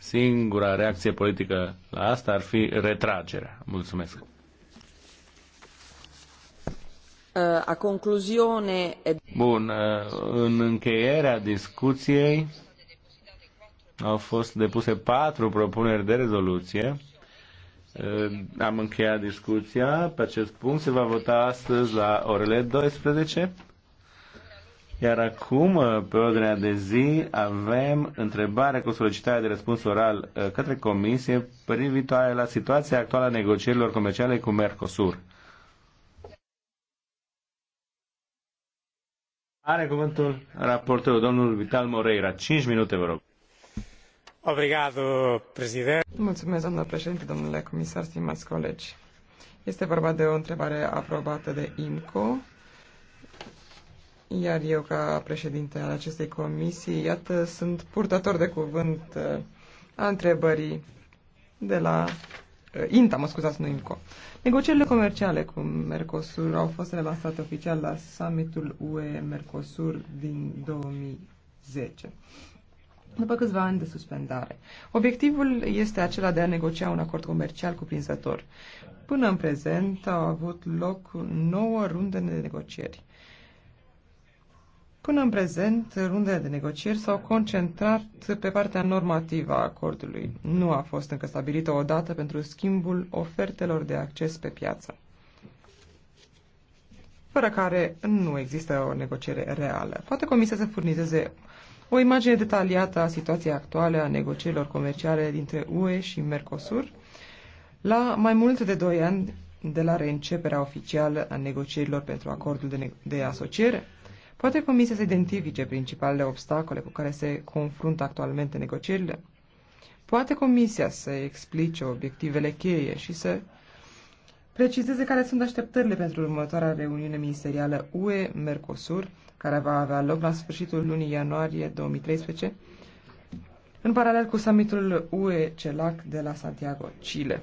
Singura reacție politică la asta ar fi retragerea. Mulțumesc. A concluzione... Bun, în încheierea discuției au fost depuse patru propuneri de rezoluție. Am încheiat discuția pe acest punct. Se va vota astăzi la orele 12. Iar acum, uh, pe ordinea de zi, avem întrebarea cu solicitarea de răspuns oral uh, către Comisie privitoare la situația actuală a negocierilor comerciale cu Mercosur. Are cuvântul raportorul, domnul Vital Moreira. 5 minute, vă rog. Obrigado, președinte. Mulțumesc, doamnă președinte, domnule comisar, stimați colegi. Este vorba de o întrebare aprobată de IMCO iar eu, ca președinte al acestei comisii, iată, sunt purtător de cuvânt uh, a întrebării de la uh, INTA, mă scuzați, nu INCO. Negocierile comerciale cu Mercosur au fost relansate oficial la summitul UE-Mercosur din 2010 după câțiva ani de suspendare. Obiectivul este acela de a negocia un acord comercial cuprinzător. Până în prezent au avut loc nouă runde de negocieri. Până în prezent, rundele de negocieri s-au concentrat pe partea normativă a acordului. Nu a fost încă stabilită o dată pentru schimbul ofertelor de acces pe piață, fără care nu există o negociere reală. Poate Comisia să furnizeze o imagine detaliată a situației actuale a negocierilor comerciale dintre UE și Mercosur la mai mult de 2 ani de la reînceperea oficială a negocierilor pentru acordul de, de asociere? Poate Comisia să identifice principalele obstacole cu care se confruntă actualmente negocierile? Poate Comisia să explice obiectivele cheie și să precizeze care sunt așteptările pentru următoarea reuniune ministerială UE-Mercosur, care va avea loc la sfârșitul lunii ianuarie 2013, în paralel cu summitul UE-CELAC de la Santiago, Chile.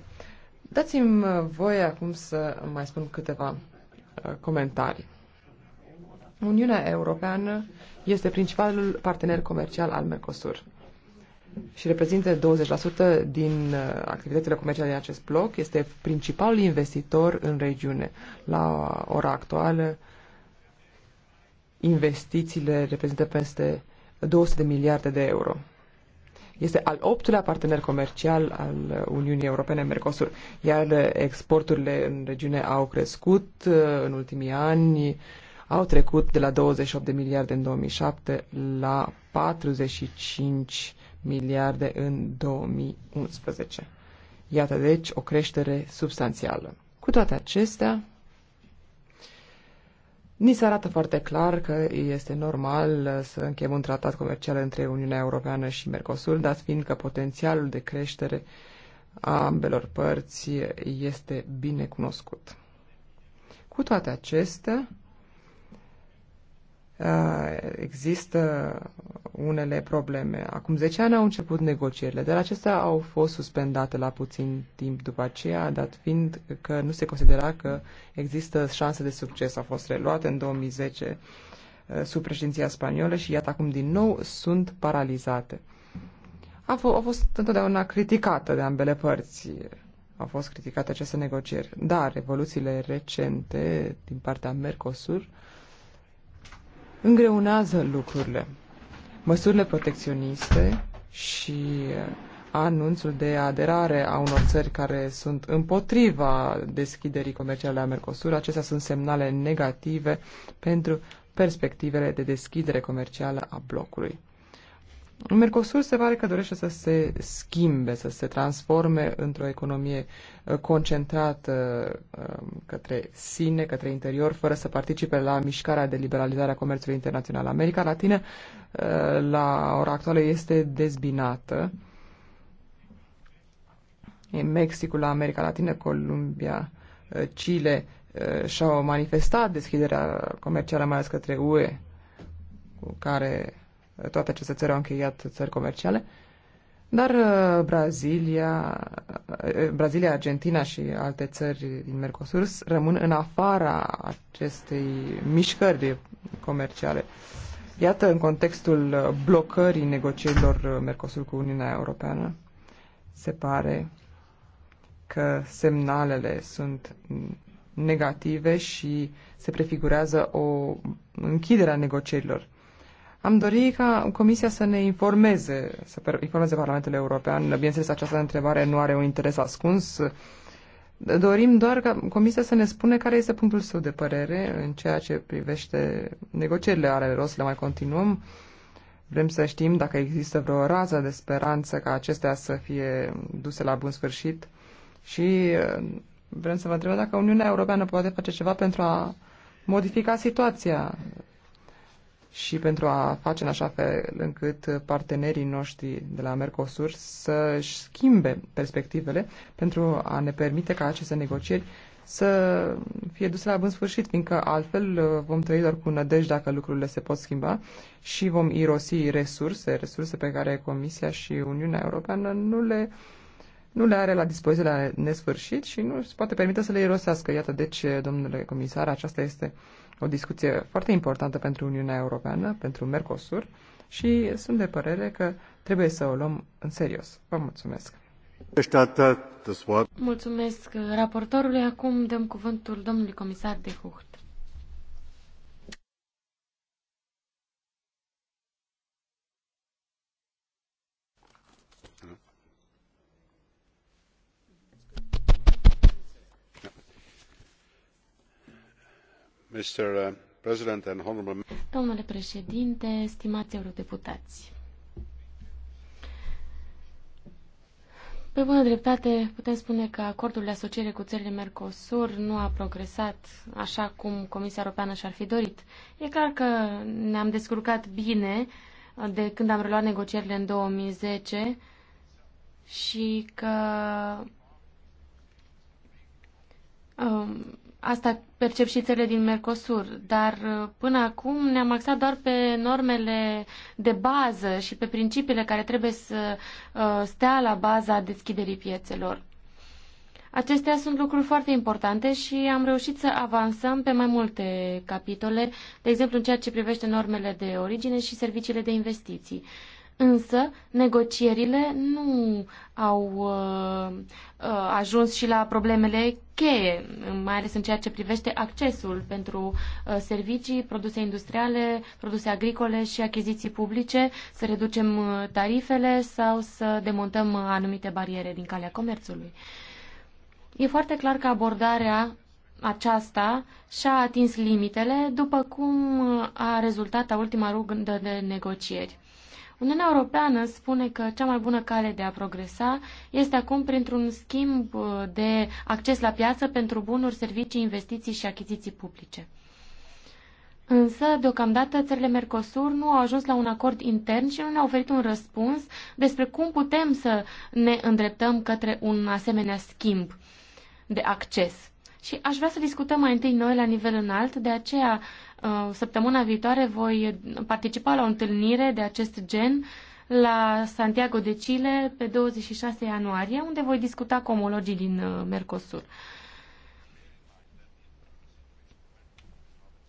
Dați-mi voie acum să mai spun câteva uh, comentarii. Uniunea Europeană este principalul partener comercial al Mercosur și reprezintă 20% din uh, activitățile comerciale din acest bloc. Este principalul investitor în regiune. La ora actuală, investițiile reprezintă peste 200 de miliarde de euro. Este al optulea partener comercial al Uniunii Europene, Mercosur, iar exporturile în regiune au crescut uh, în ultimii ani au trecut de la 28 de miliarde în 2007 la 45 miliarde în 2011. Iată deci o creștere substanțială. Cu toate acestea, Ni se arată foarte clar că este normal uh, să încheiem un tratat comercial între Uniunea Europeană și Mercosul, dat fiind că potențialul de creștere a ambelor părți este bine cunoscut. Cu toate acestea, Uh, există unele probleme. Acum 10 ani au început negocierile, dar acestea au fost suspendate la puțin timp după aceea, dat fiind că nu se considera că există șanse de succes. Au fost reluate în 2010 uh, sub președinția spaniolă și iată acum din nou sunt paralizate. A, f- a fost întotdeauna criticată de ambele părți. Au fost criticate aceste negocieri, dar revoluțiile recente din partea Mercosur îngreunează lucrurile. Măsurile protecționiste și uh, anunțul de aderare a unor țări care sunt împotriva deschiderii comerciale a Mercosur, acestea sunt semnale negative pentru perspectivele de deschidere comercială a blocului. Mercosur se pare că dorește să se schimbe, să se transforme într-o economie uh, concentrată uh, um, către sine, către interior, fără să participe la mișcarea de liberalizare a comerțului internațional. America Latină, uh, la ora actuală, este dezbinată. În Mexicul, la America Latină, Columbia, Chile și-au manifestat deschiderea comercială, mai ales către UE, cu care toate aceste țări au încheiat țări comerciale, dar uh, Brazilia, uh, Brazilia, Argentina și alte țări din Mercosur rămân în afara acestei mișcări comerciale. Iată, în contextul blocării negocierilor uh, Mercosur cu Uniunea Europeană, se pare că semnalele sunt negative și se prefigurează o închidere a negocierilor. Am dorit ca Comisia să ne informeze, să informeze Parlamentul European. Bineînțeles, această întrebare nu are un interes ascuns. Dorim doar ca Comisia să ne spune care este punctul său de părere în ceea ce privește negocierile. Are rost să le mai continuăm. Vrem să știm dacă există vreo rază de speranță ca acestea să fie duse la bun sfârșit și uh, vrem să vă întrebăm dacă Uniunea Europeană poate face ceva pentru a modifica situația și pentru a face în așa fel încât partenerii noștri de la Mercosur să-și schimbe perspectivele pentru a ne permite ca aceste negocieri să fie duse la bun sfârșit, fiindcă altfel uh, vom trăi doar cu nădejde dacă lucrurile se pot schimba și vom irosi resurse, resurse pe care Comisia și Uniunea Europeană nu le uh, nu le are la dispoziție la nesfârșit și nu se poate permite să le irosească. Iată, deci, domnule comisar, aceasta este o discuție foarte importantă pentru Uniunea Europeană, pentru Mercosur și sunt de părere că trebuie să o luăm în serios. Vă mulțumesc! Mulțumesc raportorului. Acum dăm cuvântul domnului comisar de Hucht. Uh, Domnule președinte, stimați eurodeputați, Pe bună dreptate, putem spune că acordul de asociere cu țările Mercosur nu a progresat așa cum Comisia Europeană și-ar fi dorit. E clar că ne-am descurcat bine uh, de când am reluat negocierile în 2010 și că um, Asta percep și țările din Mercosur, dar uh, până acum ne-am axat doar pe normele de bază și pe principiile care trebuie să uh, stea la baza deschiderii piețelor. Acestea sunt lucruri foarte importante și am reușit să avansăm pe mai multe capitole, de exemplu în ceea ce privește normele de origine și serviciile de investiții. Însă, negocierile nu au uh, uh, ajuns și la problemele cheie, mai ales în ceea ce privește accesul pentru uh, servicii, produse industriale, produse agricole și achiziții publice, să reducem uh, tarifele sau să demontăm uh, anumite bariere din calea comerțului. E foarte clar că abordarea aceasta și-a atins limitele după cum uh, a rezultat a ultima rundă de negocieri. Uniunea Europeană spune că cea mai bună cale de a progresa este acum printr-un schimb uh, de acces la piață pentru bunuri, servicii, investiții și achiziții publice. Însă, deocamdată, țările Mercosur nu au ajuns la un acord intern și nu ne-au oferit un răspuns despre cum putem să ne îndreptăm către un asemenea schimb de acces. Și aș vrea să discutăm mai întâi noi la nivel înalt, de aceea Uh, săptămâna viitoare voi participa la o întâlnire de acest gen la Santiago de Chile pe 26 ianuarie, unde voi discuta cu omologii din uh, Mercosur.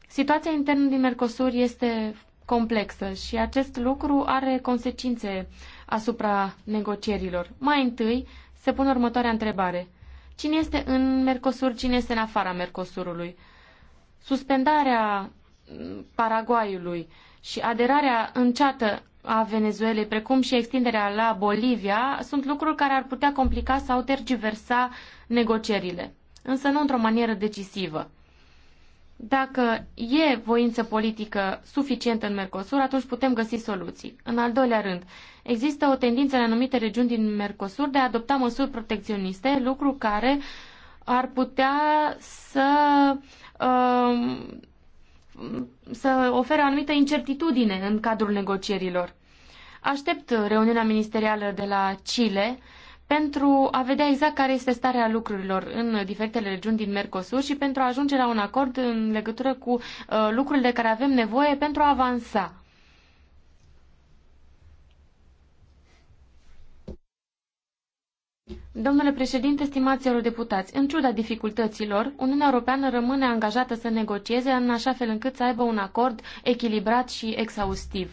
Situația internă din Mercosur este complexă și acest lucru are consecințe asupra negocierilor. Mai întâi se pune următoarea întrebare. Cine este în Mercosur, cine este în afara Mercosurului? Suspendarea Paraguayului și aderarea înceată a Venezuelei, precum și extinderea la Bolivia, sunt lucruri care ar putea complica sau tergiversa negocierile, însă nu într-o manieră decisivă. Dacă e voință politică suficientă în Mercosur, atunci putem găsi soluții. În al doilea rând, există o tendință în anumite regiuni din Mercosur de a adopta măsuri protecționiste, lucru care ar putea să uh, să ofere anumită incertitudine în cadrul negocierilor. Aștept reuniunea ministerială de la Chile pentru a vedea exact care este starea lucrurilor în diferitele regiuni din Mercosur și pentru a ajunge la un acord în legătură cu uh, lucrurile de care avem nevoie pentru a avansa. Domnule președinte, stimați eurodeputați, în ciuda dificultăților, Uniunea Europeană rămâne angajată să negocieze în așa fel încât să aibă un acord echilibrat și exhaustiv.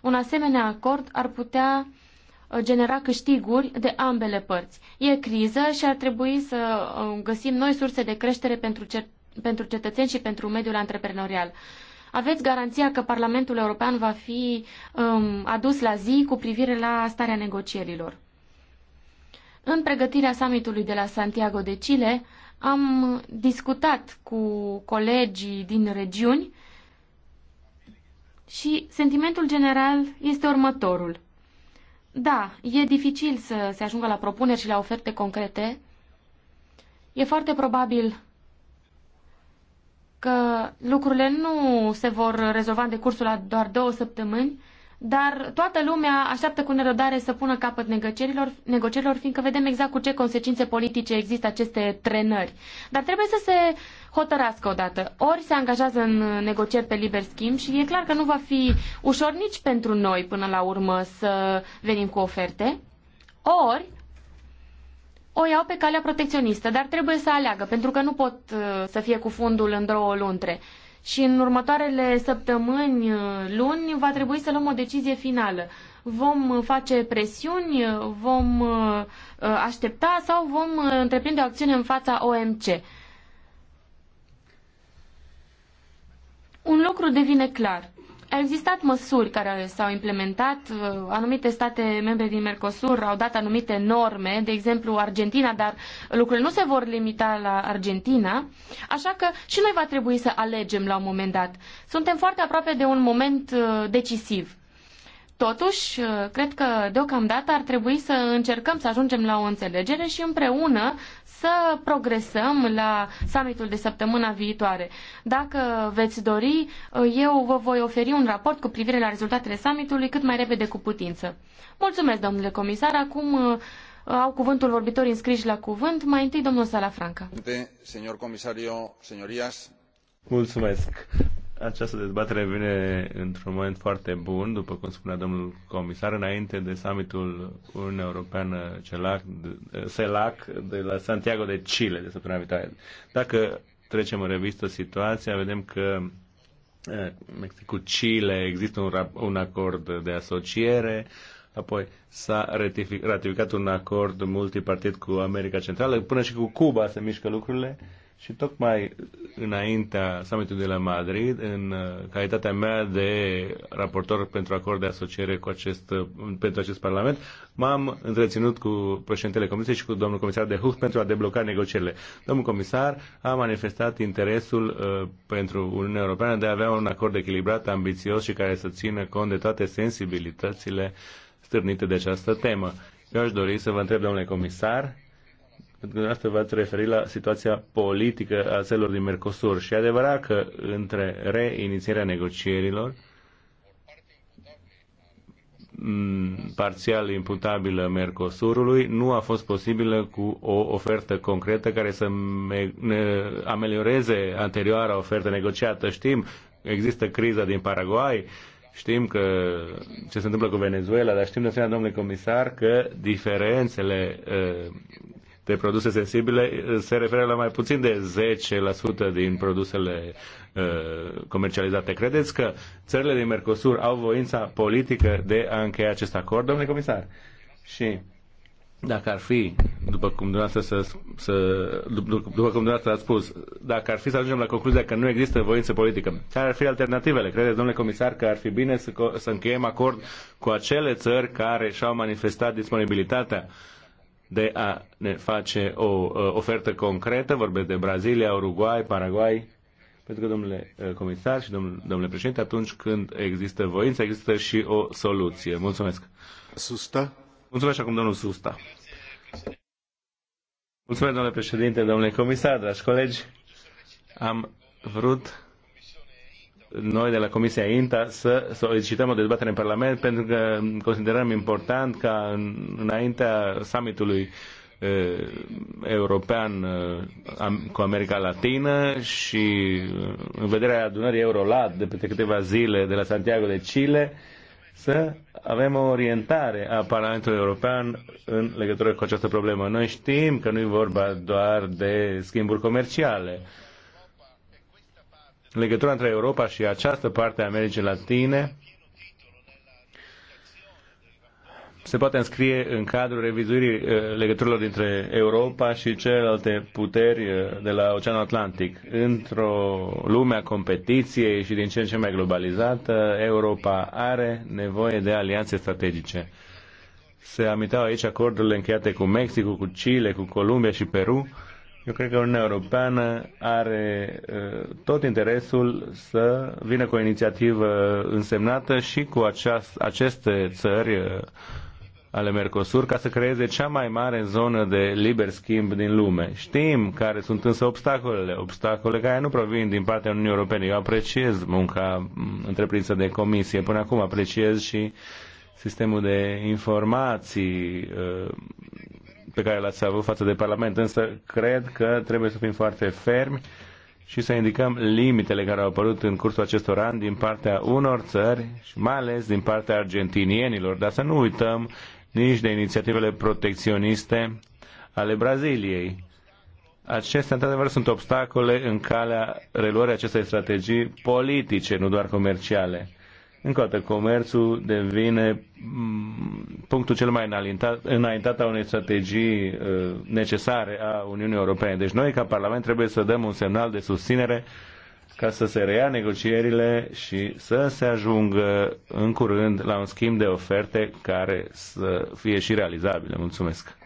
Un asemenea acord ar putea uh, genera câștiguri de ambele părți. E criză și ar trebui să uh, găsim noi surse de creștere pentru, cet- pentru cetățeni și pentru mediul antreprenorial. Aveți garanția că Parlamentul European va fi um, adus la zi cu privire la starea negocierilor. În pregătirea summitului de la Santiago de Chile am discutat cu colegii din regiuni și sentimentul general este următorul. Da, e dificil să se ajungă la propuneri și la oferte concrete. E foarte probabil că lucrurile nu se vor rezolva în decursul a doar două săptămâni, dar toată lumea așteaptă cu nerăbdare să pună capăt negocierilor, negocierilor, fiindcă vedem exact cu ce consecințe politice există aceste trenări. Dar trebuie să se hotărască odată. Ori se angajează în negocieri pe liber schimb și e clar că nu va fi ușor nici pentru noi până la urmă să venim cu oferte, ori o iau pe calea protecționistă, dar trebuie să aleagă, pentru că nu pot uh, să fie cu fundul în două luntre și în următoarele săptămâni, uh, luni, va trebui să luăm o decizie finală. Vom uh, face presiuni, uh, vom aștepta sau vom întreprinde o acțiune în fața OMC. Un lucru devine clar. Au existat măsuri care s-au implementat, uh, anumite state membre din Mercosur au dat anumite norme, de exemplu Argentina, dar lucrurile nu se vor limita la Argentina, așa că și noi va trebui să alegem la un moment dat. Suntem foarte aproape de un moment uh, decisiv. Totuși, cred că deocamdată ar trebui să încercăm să ajungem la o înțelegere și împreună să progresăm la summitul de săptămâna viitoare. Dacă veți dori, eu vă voi oferi un raport cu privire la rezultatele summitului cât mai repede cu putință. Mulțumesc, domnule comisar. Acum uh, au cuvântul vorbitorii înscriși la cuvânt. Mai întâi, domnul Salafranca. Mulțumesc. Această dezbatere vine într-un moment foarte bun, după cum spunea domnul comisar, înainte de summitul Uniunea Europeană CELAC, CELAC de la Santiago de Chile de săptămâna viitoare. Dacă trecem în revistă situația, vedem că eh, cu Chile există un, un acord de asociere, apoi s-a ratificat un acord multipartit cu America Centrală, până și cu Cuba se mișcă lucrurile și tocmai înaintea summitului de la Madrid, în uh, calitatea mea de raportor pentru acord de asociere cu acest, uh, pentru acest Parlament, m-am întreținut cu președintele Comisiei și cu domnul comisar de Hucht pentru a debloca negocierile. Domnul comisar a manifestat interesul uh, pentru Uniunea Europeană de a avea un acord echilibrat, ambițios și care să țină cont de toate sensibilitățile stârnite de această temă. Eu aș dori să vă întreb, domnule comisar, pentru că dumneavoastră v-ați referit la situația politică a țărilor din Mercosur și e adevărat că între reinițierea negocierilor mm, parțial imputabilă Mercosurului nu a fost posibilă cu o ofertă concretă care să amelioreze anterioara ofertă negociată. Știm, există criza din Paraguay, Știm că ce se întâmplă cu Venezuela, dar știm de asemenea, domnule comisar, că diferențele uh, de produse sensibile se referă la mai puțin de 10% din produsele uh, comercializate. Credeți că țările din Mercosur au voința politică de a încheia acest acord, domnule comisar? Și dacă ar fi, după cum dumneavoastră, să, să, după, după cum dumneavoastră ați spus, dacă ar fi să ajungem la concluzia că nu există voință politică, care ar fi alternativele? Credeți, domnule comisar, că ar fi bine să, să încheiem acord cu acele țări care și-au manifestat disponibilitatea uh, de a ne face o ofertă concretă, vorbesc de Brazilia, Uruguay, Paraguay, pentru că, domnule eh, comisar și domnule, domnule președinte, atunci când există voință, există și o soluție. Mulțumesc. Susta. Mulțumesc acum, domnul Susta. Mulțumesc, domnule președinte, domnule comisar, dragi colegi. Am vrut noi de la Comisia INTA să solicităm o dezbatere în Parlament pentru că considerăm important ca înaintea summitului european cu America Latină și în vederea adunării Eurolat de peste câteva zile de la Santiago de Chile să avem o orientare a Parlamentului European în legătură cu această problemă. Noi știm că nu e vorba doar de schimburi comerciale legătura între Europa și această parte a Americii Latine se poate înscrie în cadrul revizuirii uh, legăturilor dintre Europa și celelalte puteri uh, de la Oceanul Atlantic. Într-o lume a competiției și din ce în ce mai globalizată, Europa are nevoie de alianțe strategice. Se amintau aici acordurile încheiate cu Mexicul, cu Chile, cu Columbia și Peru, eu cred că Uniunea Europeană are uh, tot interesul să vină cu o inițiativă însemnată și cu aceast, aceste țări uh, ale Mercosur ca să creeze cea mai mare zonă de liber schimb din lume. Știm care sunt însă obstacolele, obstacole care nu provin din partea Uniunii Europene. Eu apreciez munca întreprinsă de comisie până acum, apreciez și sistemul de informații uh, pe care l-ați avut față de Parlament, însă cred că trebuie să fim foarte fermi și să indicăm limitele care au apărut în cursul acestor ani din partea unor țări și mai ales din partea argentinienilor, dar să nu uităm nici de inițiativele protecționiste ale Braziliei. Acestea, într-adevăr, sunt obstacole în calea reluării acestei strategii politice, nu doar comerciale. Încă o dată, comerțul devine mm, punctul cel mai înaintat, înaintat a unei strategii uh, necesare a Uniunii Europene. Deci noi, ca Parlament, trebuie să dăm un semnal de susținere ca să se reia negocierile și să se ajungă în curând la un schimb de oferte care să fie și realizabile. Mulțumesc.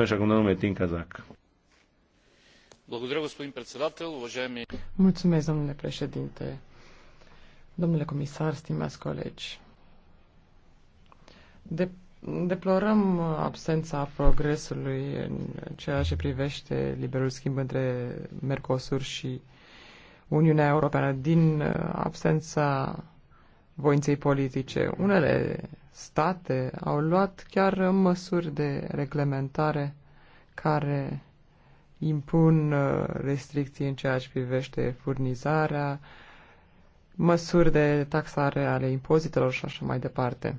Așa cum domnul Metin Cazac. Mulțumesc, domnule președinte. Domnule comisar, stimați colegi, de, deplorăm absența progresului în ceea ce privește liberul schimb între Mercosur și Uniunea Europeană din uh, absența voinței politice. Unele state au luat chiar măsuri de reglementare care impun uh, restricții în ceea ce privește furnizarea, măsuri de taxare ale impozitelor și așa mai departe.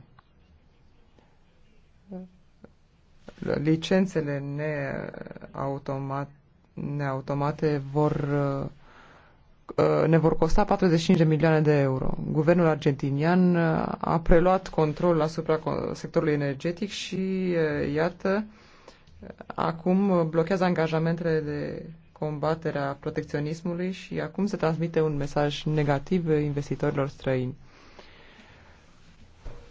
Licențele neautomat, neautomate vor, uh, uh, ne vor costa 45 de milioane de euro. Guvernul argentinian a preluat control asupra sectorului energetic și, uh, iată, acum blochează angajamentele de combaterea protecționismului și acum se transmite un mesaj negativ investitorilor străini.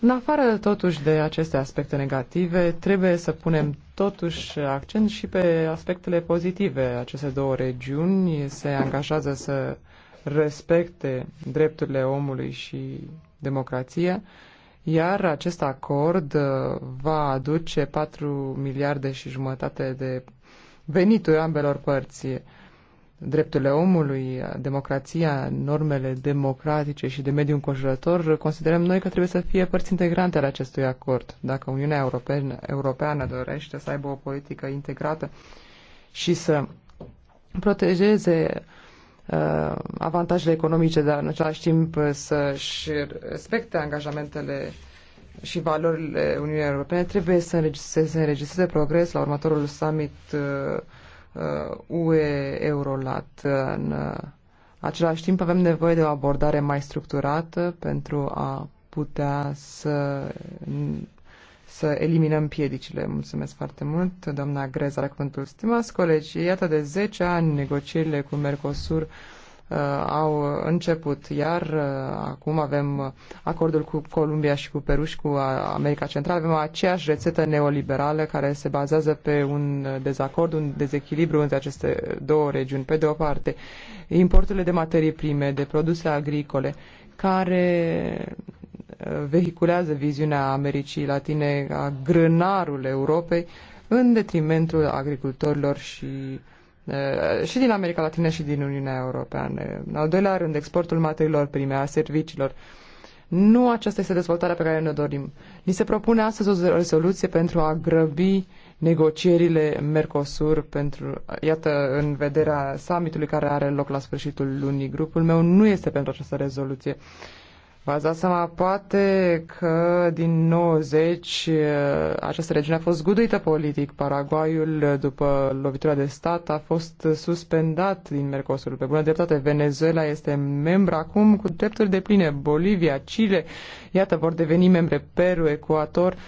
În afară totuși de aceste aspecte negative, trebuie să punem totuși accent și pe aspectele pozitive. Aceste două regiuni se angajează să respecte drepturile omului și democrația, iar acest acord uh, va aduce 4 miliarde și jumătate de venituri ambelor părți. Drepturile omului, democrația, normele democratice și de mediu înconjurător, considerăm noi că trebuie să fie părți integrante ale acestui acord. Dacă Uniunea Europeană, Europeană dorește să aibă o politică integrată și să protejeze uh, avantajele economice, dar în același timp să-și respecte angajamentele și valorile Uniunii Europene trebuie să se înregistreze progres la următorul summit UE-Eurolat. Uh, uh, În uh, același timp avem nevoie de o abordare mai structurată pentru a putea să, să eliminăm piedicile. Mulțumesc foarte mult, doamna Greza, la cuvântul. Stimați colegi, iată de 10 ani negocierile cu Mercosur Uh, au început, iar uh, acum avem acordul cu Columbia și cu Peru și cu uh, America Centrală. Avem aceeași rețetă neoliberală care se bazează pe un dezacord, un dezechilibru între aceste două regiuni. Pe de o parte, importurile de materii prime, de produse agricole, care vehiculează viziunea Americii Latine a grânarul Europei în detrimentul agricultorilor și uh, Eh, și din America Latină și din Uniunea Europeană. În al doilea rând, exportul materiilor prime, a serviciilor. Nu aceasta este dezvoltarea pe care ne dorim. Ni se propune astăzi o rezoluție pentru a grăbi negocierile Mercosur pentru, iată, în vederea summitului care are loc la sfârșitul lunii. Grupul meu nu este pentru această rezoluție. Uh, V-ați dat seama poate că din 90 eh, această regiune a fost zguduită politic. Paraguayul, eh, după lovitura de stat, a fost suspendat din Mercosur. Pe bună dreptate, Venezuela este membru acum cu drepturi de pline. Bolivia, Chile, iată, vor deveni membre Peru, Ecuador. Uh,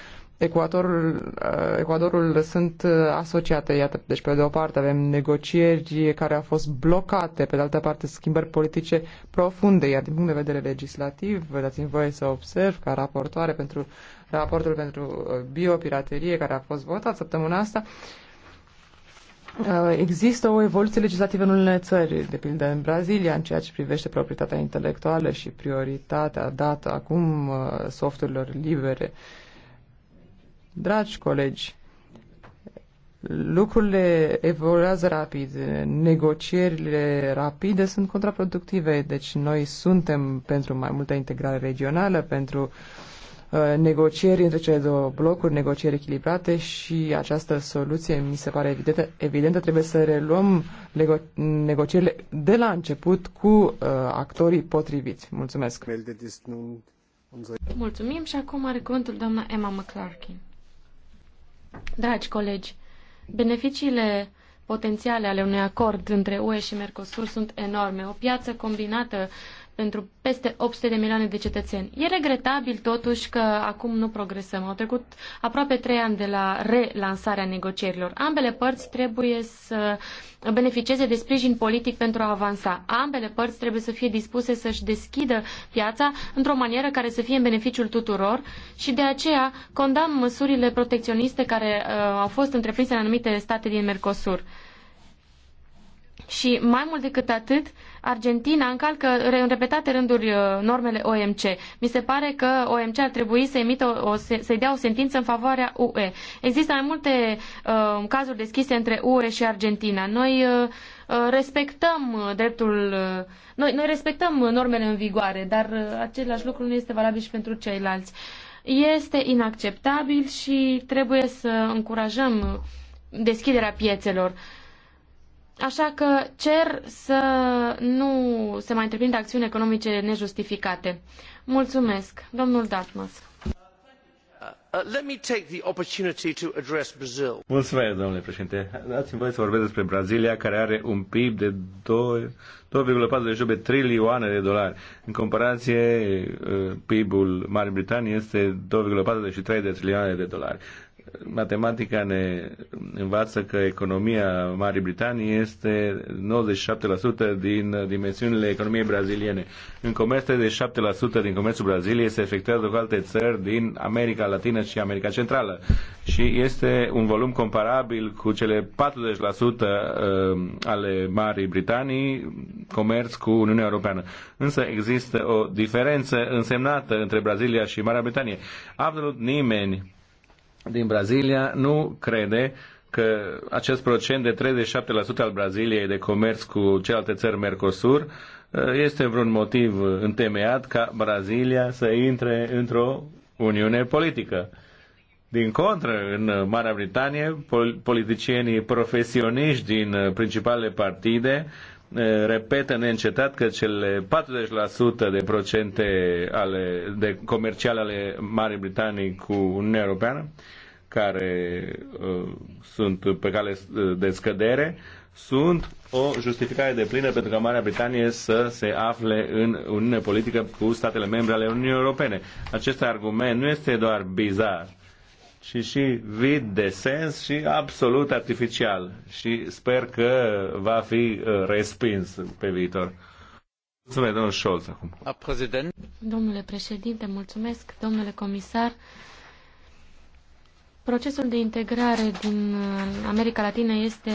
Ecuadorul, uh, Ecuadorul sunt uh, asociate, iată, deci pe de o parte avem negocieri care au fost blocate, pe de altă parte schimbări politice profunde, iar din punct de vedere legislativ, dați-mi voie să observ ca raportoare pentru raportul pentru uh, biopiraterie care a fost votat săptămâna asta, Există o evoluție legislativă în unele țări, de pildă în Brazilia, în ceea ce privește proprietatea intelectuală și prioritatea dată acum softurilor libere uh, Dragi colegi, lucrurile evoluează rapid, negocierile rapide sunt contraproductive, deci noi suntem pentru mai multă integrare regională, pentru uh, negocieri între cele două blocuri, negocieri echilibrate și această soluție mi se pare evidentă. evidentă trebuie să reluăm negocierile de la început cu uh, actorii potriviți. Mulțumesc! Mulțumim și acum are cuvântul doamna Emma McClarkin. Dragi colegi, beneficiile potențiale ale unui acord între UE și Mercosur sunt enorme. O piață combinată pentru peste 800 de milioane de cetățeni. E regretabil totuși că acum nu progresăm. Au trecut aproape trei ani de la relansarea negocierilor. Ambele părți trebuie să beneficieze de sprijin politic pentru a avansa. Ambele părți trebuie să fie dispuse să-și deschidă piața într-o manieră care să fie în beneficiul tuturor și de aceea condamn măsurile protecționiste care uh, au fost întreprinse în anumite state din Mercosur. Și mai mult decât atât, uh, Argentina încalcă în repetate rânduri uh, normele OMC. Mi se pare că OMC ar trebui să emită o, să-i dea o sentință în favoarea UE. Există mai multe uh, cazuri deschise între UE și Argentina. Noi uh, uh respectăm dreptul, uh, noi, noi respectăm normele în vigoare, dar uh, același lucru nu este valabil și pentru ceilalți. Este inacceptabil și trebuie să încurajăm deschiderea piețelor. Uh, Așa că cer să nu se mai întreprindă acțiuni economice nejustificate. Mulțumesc. Domnul Dartmouth. Uh, Mulțumesc, domnule președinte. Dați-mi voie să vorbesc despre Brazilia, care are un PIB de 2,48 trilioane de dolari. În comparație, uh, PIB-ul Marii Britanii este 2,43 de trilioane de dolari matematica ne învață că economia Marii Britanii este 97% din dimensiunile economiei braziliene. În comerț, 37% din comerțul Braziliei se efectuează cu alte țări din America Latină și America Centrală. Și este un volum comparabil cu cele 40% uh, ale Marii Britanii, comerț cu Uniunea Europeană. Însă există o diferență însemnată între Brazilia și Marea Britanie. Absolut nimeni din Brazilia nu crede că acest procent de 37% al Braziliei de comerț cu celelalte țări Mercosur eh, este vreun motiv întemeiat ca Brazilia să intre într-o uniune politică. Din contră, în Marea Britanie, politicienii profesioniști din eh, principalele partide repetă neîncetat că cele 40% de procente ale, de comerciale ale Marii Britanii cu Uniunea Europeană, care uh, sunt pe cale uh, de scădere, sunt o justificare de plină pentru ca Marea Britanie să se afle în Uniune Politică cu statele membre ale Uniunii Europene. Acest argument nu este doar bizar, și și vid de sens și absolut artificial. Și sper că va fi uh, respins pe viitor. Mulțumesc, domnul Scholz, acum. Domnule președinte, mulțumesc, domnule comisar. Procesul de integrare din uh, America Latină este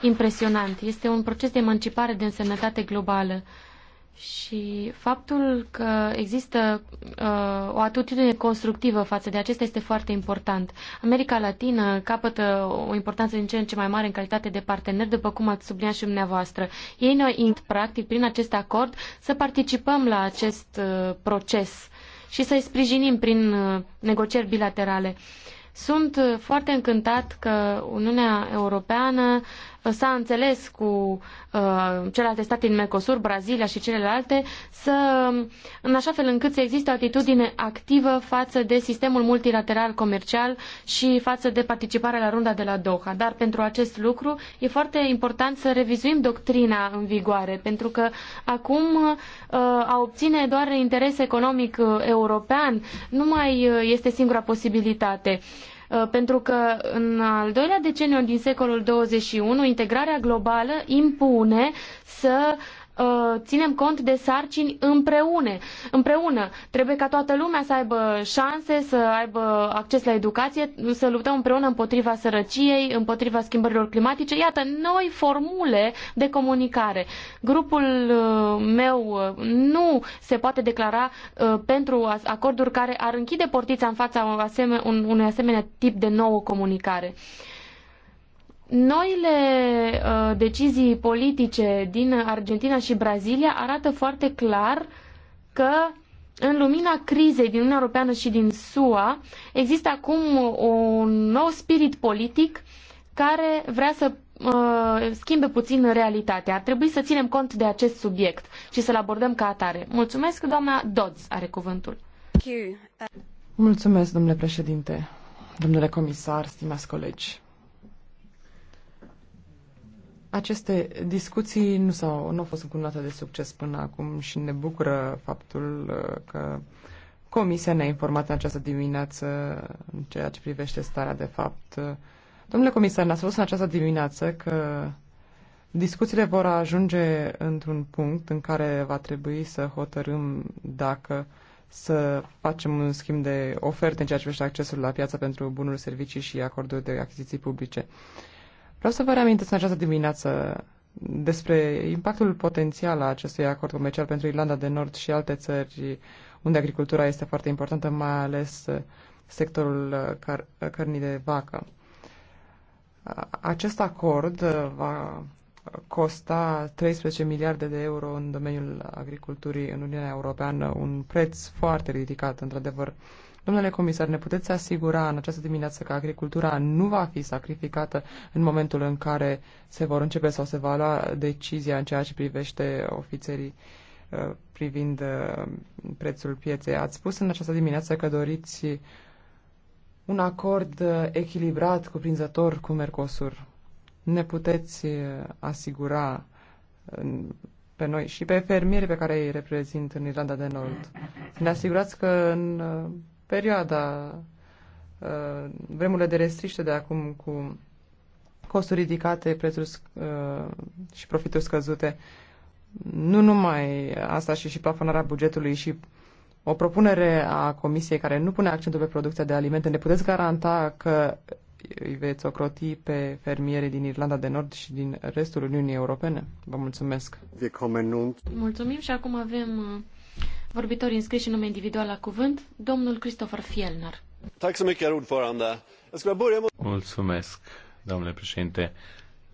impresionant. Este un proces de emancipare de însemnătate globală. Și faptul că există uh, o atitudine constructivă față de acesta este foarte important. America Latină capătă o importanță din ce în ce mai mare în calitate de partener, după cum ați subliniat și dumneavoastră. Ei noi, practic, prin acest acord, să participăm la acest uh, proces și să-i sprijinim prin uh, negocieri bilaterale. Sunt uh, foarte încântat că Uniunea Europeană s-a înțeles cu uh, celelalte state din Mercosur, Brazilia și celelalte, să, în așa fel încât să existe o atitudine activă față de sistemul multilateral comercial și față de participarea la runda de la Doha. Dar pentru acest lucru e foarte important să revizuim doctrina în vigoare, pentru că acum uh, a obține doar interes economic uh, european nu mai uh, este singura posibilitate. Uh, Uh, pentru că în al doilea deceniu din secolul 21 integrarea globală impune să Uh, ținem cont de sarcini împreune. împreună. Trebuie ca toată lumea să aibă șanse, să aibă acces la educație, să luptăm împreună împotriva sărăciei, împotriva schimbărilor climatice. Iată, noi formule de comunicare. Grupul uh, meu uh, nu se poate declara pentru acorduri care ar închide portița în fața unui asemenea tip de nouă comunicare. Noile uh, decizii politice din Argentina și Brazilia arată foarte clar că în lumina crizei din Uniunea Europeană și din SUA există acum un nou spirit politic care vrea să uh, schimbe puțin realitatea. Ar trebui să ținem cont de acest subiect și să-l abordăm ca atare. Mulțumesc, doamna Dodds are cuvântul. Mulțumesc, domnule președinte, domnule comisar, stimați colegi. Aceste discuții nu, s-au, nu au fost încununate de succes până acum și ne bucură faptul uh, că Comisia ne-a informat în această dimineață în ceea ce privește starea de fapt. Domnule comisar, ne-a spus în această dimineață că discuțiile vor ajunge într-un punct în care va trebui să hotărâm dacă să facem un schimb de oferte în ceea ce privește accesul la piață pentru bunuri, servicii și acorduri de achiziții publice. Uh, Vreau să vă reamintesc în această dimineață despre impactul potențial a acestui acord comercial pentru Irlanda de Nord și alte țări unde agricultura este foarte importantă, mai ales sectorul car- cărnii de vacă. Acest acord va costa 13 miliarde de euro în domeniul agriculturii în Uniunea Europeană, un preț foarte ridicat, într-adevăr. Domnule comisar, ne puteți asigura în această dimineață că agricultura nu va fi sacrificată în momentul în care se vor începe sau se va lua decizia în ceea ce privește ofițerii uh, privind uh, prețul pieței. Ați spus în această dimineață că doriți un acord uh, echilibrat, cuprinzător cu Mercosur. Ne puteți asigura pe noi și pe fermierii pe care îi reprezint în Irlanda de Nord. Ne asigurați că în perioada, uh, vremurile de restriște de acum cu costuri ridicate, prețuri uh, și profituri scăzute, nu numai asta și și plafonarea bugetului și o propunere a Comisiei care nu pune accentul pe producția de alimente, ne puteți garanta că îi veți ocroti pe fermierii din Irlanda de Nord și din restul Uniunii Europene? Vă mulțumesc! Mulțumim și acum avem uh, vorbitorii înscriși în nume individual la cuvânt, domnul Christopher Fielner. Mulțumesc, domnule președinte.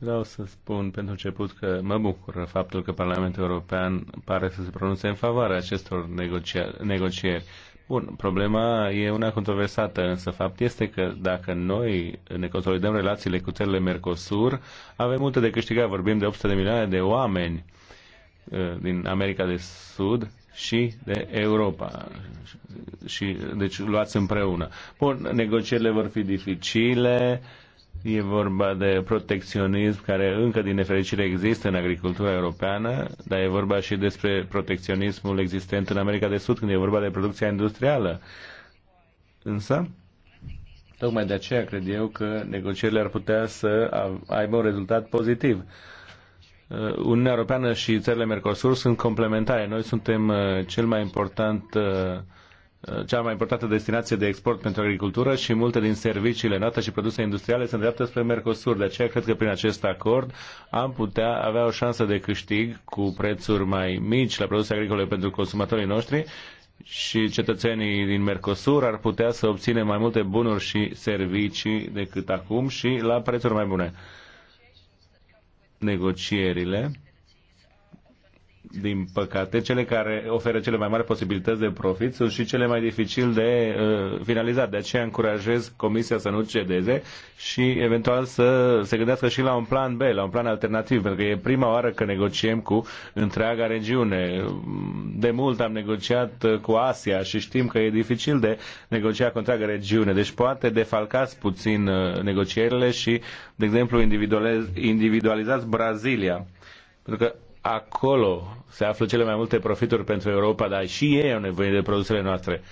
Vreau să spun pentru început că mă bucură faptul că Parlamentul European pare să se pronunțe în favoarea acestor negocieri. Bun, problema e una controversată, însă fapt este că dacă noi ne consolidăm relațiile cu țările Mercosur, avem multe de câștigat. Vorbim de 800 de milioane de oameni uh, din America de Sud și de Europa. Și, deci luați împreună. Bun, negocierile vor fi dificile, e vorba de protecționism care încă din nefericire există în agricultura europeană, dar e vorba și despre protecționismul existent în America de Sud când e vorba de producția industrială. Însă, tocmai de aceea cred eu că negocierile ar putea să aibă un rezultat pozitiv. Uniunea Europeană și țările Mercosur sunt complementare. Noi suntem uh, cel mai important uh, uh, cea mai importantă destinație de export pentru agricultură și multe din serviciile noastre și produse industriale sunt îndreaptă spre Mercosur. De aceea cred că prin acest acord am putea avea o șansă de câștig cu prețuri mai mici la produse agricole pentru consumatorii noștri și cetățenii din Mercosur ar putea să obține mai multe bunuri și servicii decât acum și la prețuri mai bune negocierile din păcate, cele care oferă cele mai mari posibilități de profit sunt și cele mai dificil de uh, finalizat. De aceea încurajez Comisia să nu cedeze și eventual să se gândească și la un plan B, la un plan alternativ, pentru că e prima oară că negociem cu întreaga regiune. De mult am negociat uh, cu Asia și știm că e dificil de negocia cu întreaga regiune. Deci poate defalcați puțin uh, negocierile și, de exemplu, individualizați Brazilia. Pentru că Acolo se află cele mai multe profituri pentru Europa, dar și ei au nevoie de produsele noastre.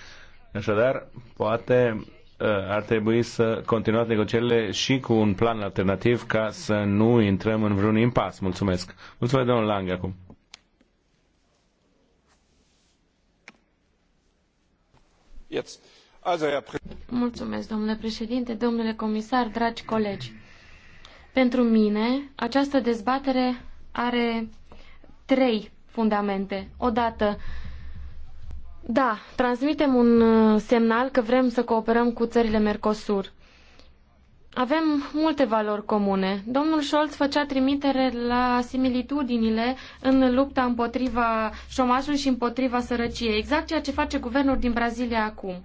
Așadar, poate uh, ar trebui să continuăm negocierile și cu un plan alternativ ca să nu intrăm în vreun impas. Mulțumesc. Mulțumesc, domnul Lang, acum. Mulțumesc, domnule președinte, domnule comisar, dragi colegi. Pentru mine, această dezbatere are trei fundamente. Odată, da, transmitem un uh, semnal că vrem să cooperăm cu țările Mercosur. Avem multe valori comune. Domnul Scholz făcea trimitere la similitudinile în lupta împotriva șomajului și împotriva sărăciei, exact ceea ce face guvernul din Brazilia acum.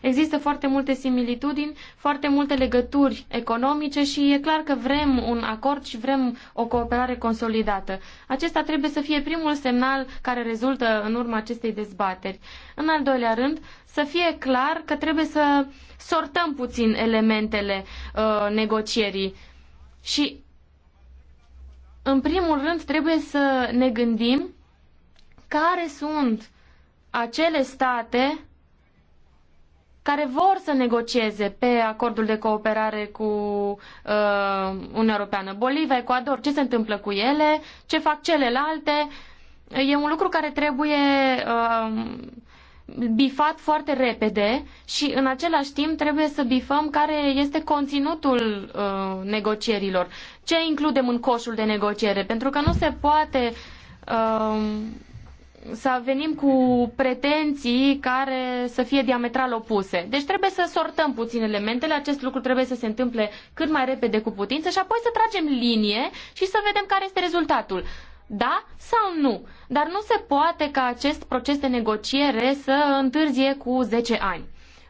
Există foarte multe similitudini, foarte multe legături economice și e clar că vrem un acord și vrem o cooperare consolidată. Acesta trebuie să fie primul semnal care rezultă în urma acestei dezbateri. În al doilea rând, să fie clar că trebuie să sortăm puțin elementele uh, negocierii. Și, în primul rând, trebuie să ne gândim care sunt acele state care vor să negocieze pe acordul de cooperare cu uh, Uniunea Europeană. Bolivia, Ecuador, ce se întâmplă cu ele, ce fac celelalte. E un lucru care trebuie uh, bifat foarte repede și în același timp trebuie să bifăm care este conținutul uh, negocierilor. Ce includem în coșul de negociere? Pentru că nu se poate uh, să venim cu pretenții care să fie diametral opuse. Deci trebuie să sortăm puțin elementele, acest lucru trebuie să se întâmple cât mai repede cu putință și apoi să tragem linie și să vedem care este rezultatul da sau nu. Dar nu se poate ca acest proces de negociere să întârzie cu 10 ani.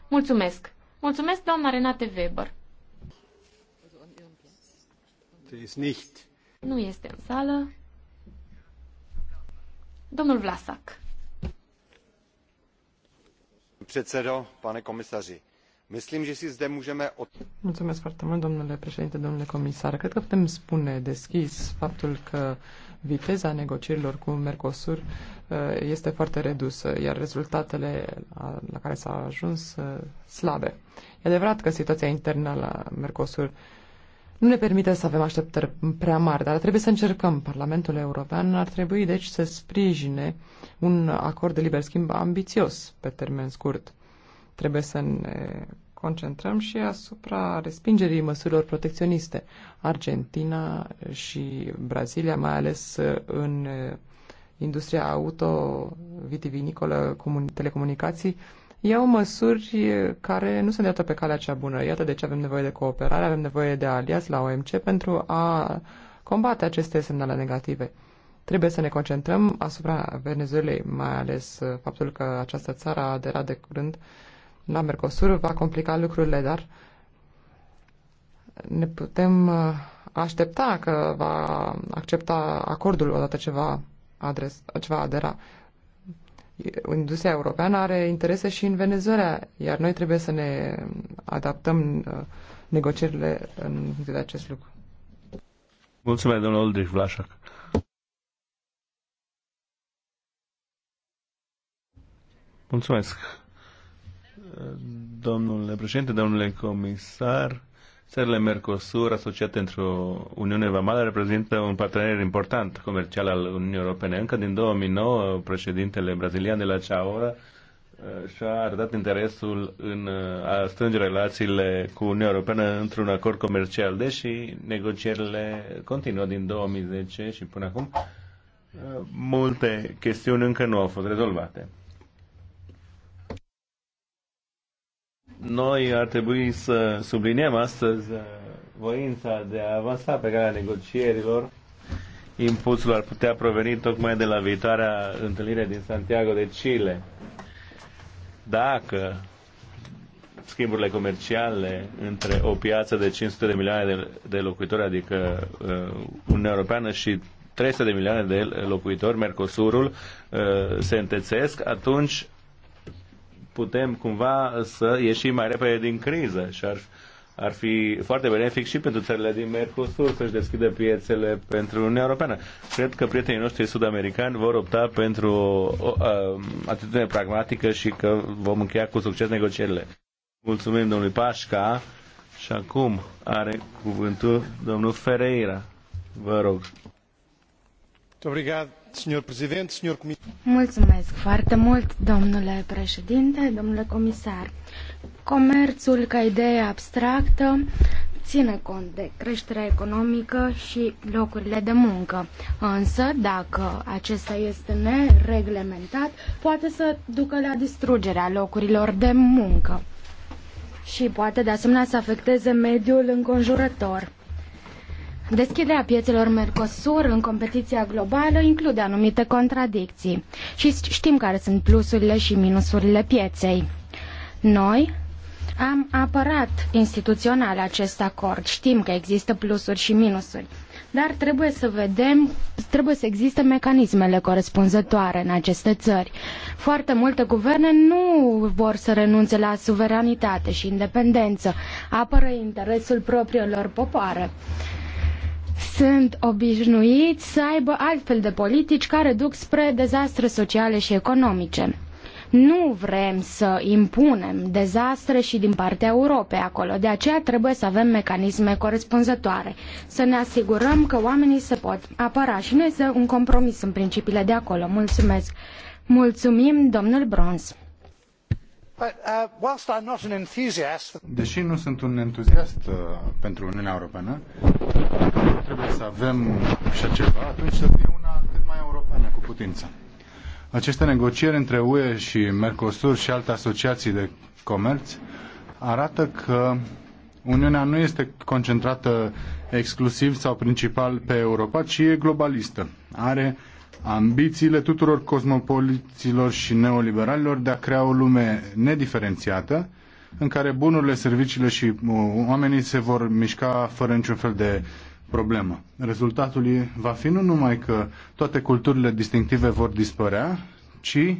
Mulțumesc. Mulțumesc, doamna Renate Weber. Nu este în sală. Domnul Vlasac. Předsedo, pane komisaři, myslím, že si zde můžeme... Mulțumesc foarte mult, domnule președinte, domnule comisar. Cred că putem spune deschis faptul că viteza negocierilor cu Mercosur uh, este foarte redusă, iar rezultatele la care s-a ajuns uh, slabe. E adevărat că situația internă la Mercosur nu ne permite să avem așteptări prea mari, dar trebuie să încercăm. Parlamentul European ar trebui, deci, să sprijine un acord de liber schimb ambițios pe termen scurt. Trebuie să ne concentrăm și asupra respingerii măsurilor protecționiste. Argentina și Brazilia, mai ales în eh, industria auto, vitivinicolă, telecomunicații, iau măsuri eh, care nu se îndreaptă pe calea cea bună. Iată de ce avem nevoie de cooperare, avem nevoie de alias la OMC pentru a combate aceste semnale negative. Trebuie să ne concentrăm asupra Venezuelei, mai ales eh, faptul că această țară a aderat de curând uh, la Mercosur va complica lucrurile, dar ne putem uh, aștepta că va accepta acordul odată ce va, adres, ce va adera. Industria europeană are interese și în Venezuela, iar noi trebuie să ne adaptăm uh, negocierile în de acest lucru. Mulțumesc, domnul Oldrich Vlașac. Mulțumesc domnule președinte, domnule comisar. Țările Mercosur, asociate într-o Uniune Vamală, reprezintă un partener important comercial al Uniunii Europene. Încă din 2009, președintele brazilian de la oră uh, și-a arătat interesul în uh, a strânge relațiile cu Uniunea Europeană într-un acord comercial, deși negocierile continuă din 2010 și până acum. Uh, multe chestiuni încă nu au fost rezolvate. Noi ar trebui să subliniem astăzi uh, voința de a avansa pe calea negocierilor. Impulsul ar putea proveni tocmai de la viitoarea întâlnire din Santiago de Chile. Dacă schimburile comerciale între o piață de 500 de milioane de, de locuitori, adică uh, Uniunea Europeană și 300 de milioane de locuitori, Mercosurul, uh, se întețesc, atunci putem cumva să ieșim mai repede din criză și ar, ar fi foarte benefic și pentru țările din Mercosur să-și deschidă piețele pentru Uniunea Europeană. Cred că prietenii noștri sud-americani vor opta pentru o, o atitudine pragmatică și că vom încheia cu succes negocierile. Mulțumim domnului Pașca și acum are cuvântul domnul Ferreira. Vă rog. Obrigado. Mulțumesc mult, domnule președinte, domnule comisar. Comerțul ca idee abstractă ține cont de creșterea economică și locurile de muncă. Însă, dacă acesta este nereglementat, poate să ducă la distrugerea locurilor de muncă și poate de asemenea să afecteze mediul înconjurător. Deschiderea piețelor Mercosur în competiția globală include anumite contradicții și știm care sunt plusurile și minusurile pieței. Noi am apărat instituțional acest acord. Știm că există plusuri și minusuri, dar trebuie să vedem, trebuie să existe mecanismele corespunzătoare în aceste țări. Foarte multe guverne nu vor să renunțe la suveranitate și independență, apără interesul propriilor popoare sunt obișnuiți să aibă altfel de politici care duc spre dezastre sociale și economice. Nu vrem să impunem dezastre și din partea Europei acolo, de aceea trebuie să avem mecanisme corespunzătoare, să ne asigurăm că oamenii se pot apăra și noi să un compromis în principiile de acolo. Mulțumesc! Mulțumim, domnul Brons! Uh, Deși nu sunt un entuziast uh, pentru Uniunea Europeană, trebuie să avem așa ceva, atunci să fie una cât mai europeană cu putință. Aceste negocieri între UE și Mercosur și alte asociații de comerț arată că Uniunea nu este concentrată exclusiv sau principal pe Europa, ci e globalistă. Are ambițiile tuturor cosmopoliților și neoliberalilor de a crea o lume nediferențiată în care bunurile, serviciile și uh, oamenii se vor mișca fără niciun fel de problemă. Rezultatul va fi nu numai că toate culturile distinctive vor dispărea, ci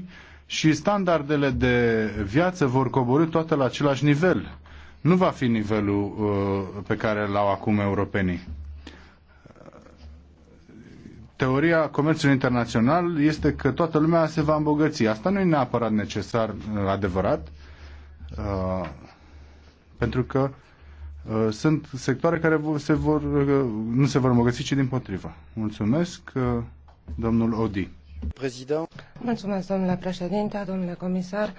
și standardele de viață vor coborî toate la același nivel. Nu va fi nivelul uh, pe care l-au acum europenii teoria comerțului internațional este că toată lumea se va îmbogăți. Asta nu e neapărat necesar uh, adevărat, uh, pentru că uh, sunt sectoare care se vor, nu se vor îmbogăți, ci din potriva. Mulțumesc, domnul Odi. Prezident. Mulțumesc, domnule președinte, domnule comisar.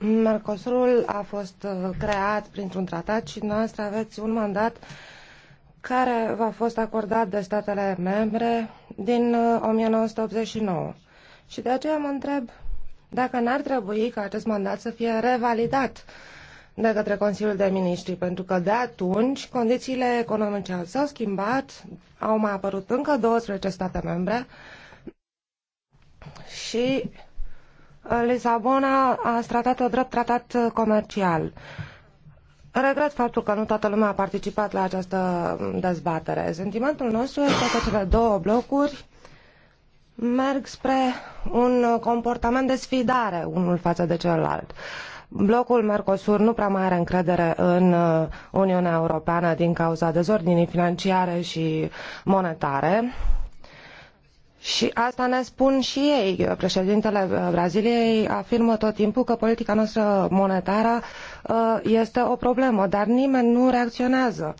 Mercosurul a fost creat printr-un tratat și noastră aveți un mandat uh, care v-a fost acordat de statele membre din 1989. Uh, și de aceea mă întreb dacă n-ar trebui ca acest mandat să fie revalidat de către Consiliul de Ministri, pentru că de atunci condițiile economice s-au schimbat, au mai apărut încă 12 state membre și uh, Lisabona a tratat-o drept tratat uh, comercial. Regret faptul că nu toată lumea a participat la această dezbatere. Sentimentul nostru este că cele două blocuri merg spre un comportament de sfidare unul față de celălalt. Blocul Mercosur nu prea mai are încredere în uh, Uniunea Europeană din cauza dezordinii financiare și monetare și asta ne spun și ei. Președintele uh, Braziliei afirmă tot timpul că politica noastră monetară uh, este o problemă, dar nimeni nu reacționează.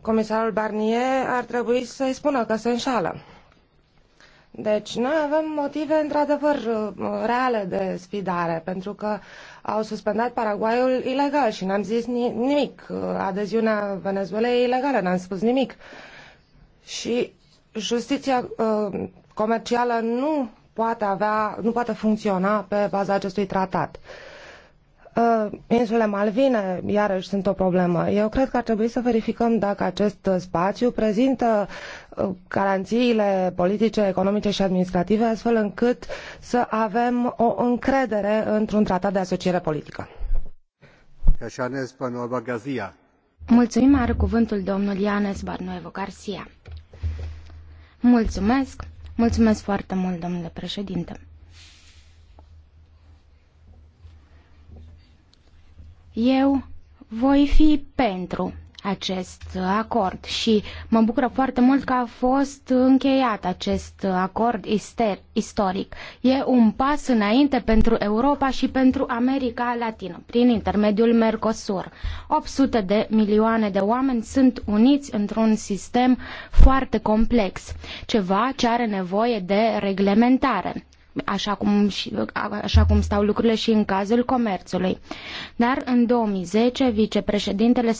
Comisarul Barnier ar trebui să-i spună că se înșală. Deci noi avem motive într-adevăr uh, reale de sfidare, pentru că au suspendat Paraguayul ilegal și n-am zis nimic. Adeziunea Venezuelei e ilegală, n-am spus nimic. Și justiția comercială nu poate, avea, nu poate funcționa pe baza acestui tratat. Uh, Insule Malvine, iarăși, sunt o problemă. Eu cred că ar trebui să verificăm dacă acest spațiu prezintă uh, garanțiile politice, economice și administrative, astfel încât să avem o încredere într-un tratat de asociere politică. Mulțumim, are cuvântul domnul Ianes Barnuevo Garcia. Mulțumesc! Mulțumesc foarte mult, domnule președinte. Eu voi fi pentru acest acord și mă bucură foarte mult că a fost încheiat acest acord ister, istoric. E un pas înainte pentru Europa și pentru America Latină, prin intermediul Mercosur. 800 de milioane de oameni sunt uniți într-un sistem foarte complex, ceva ce are nevoie de reglementare așa cum, și, așa cum stau lucrurile și în cazul comerțului. Dar în 2010, vicepreședintele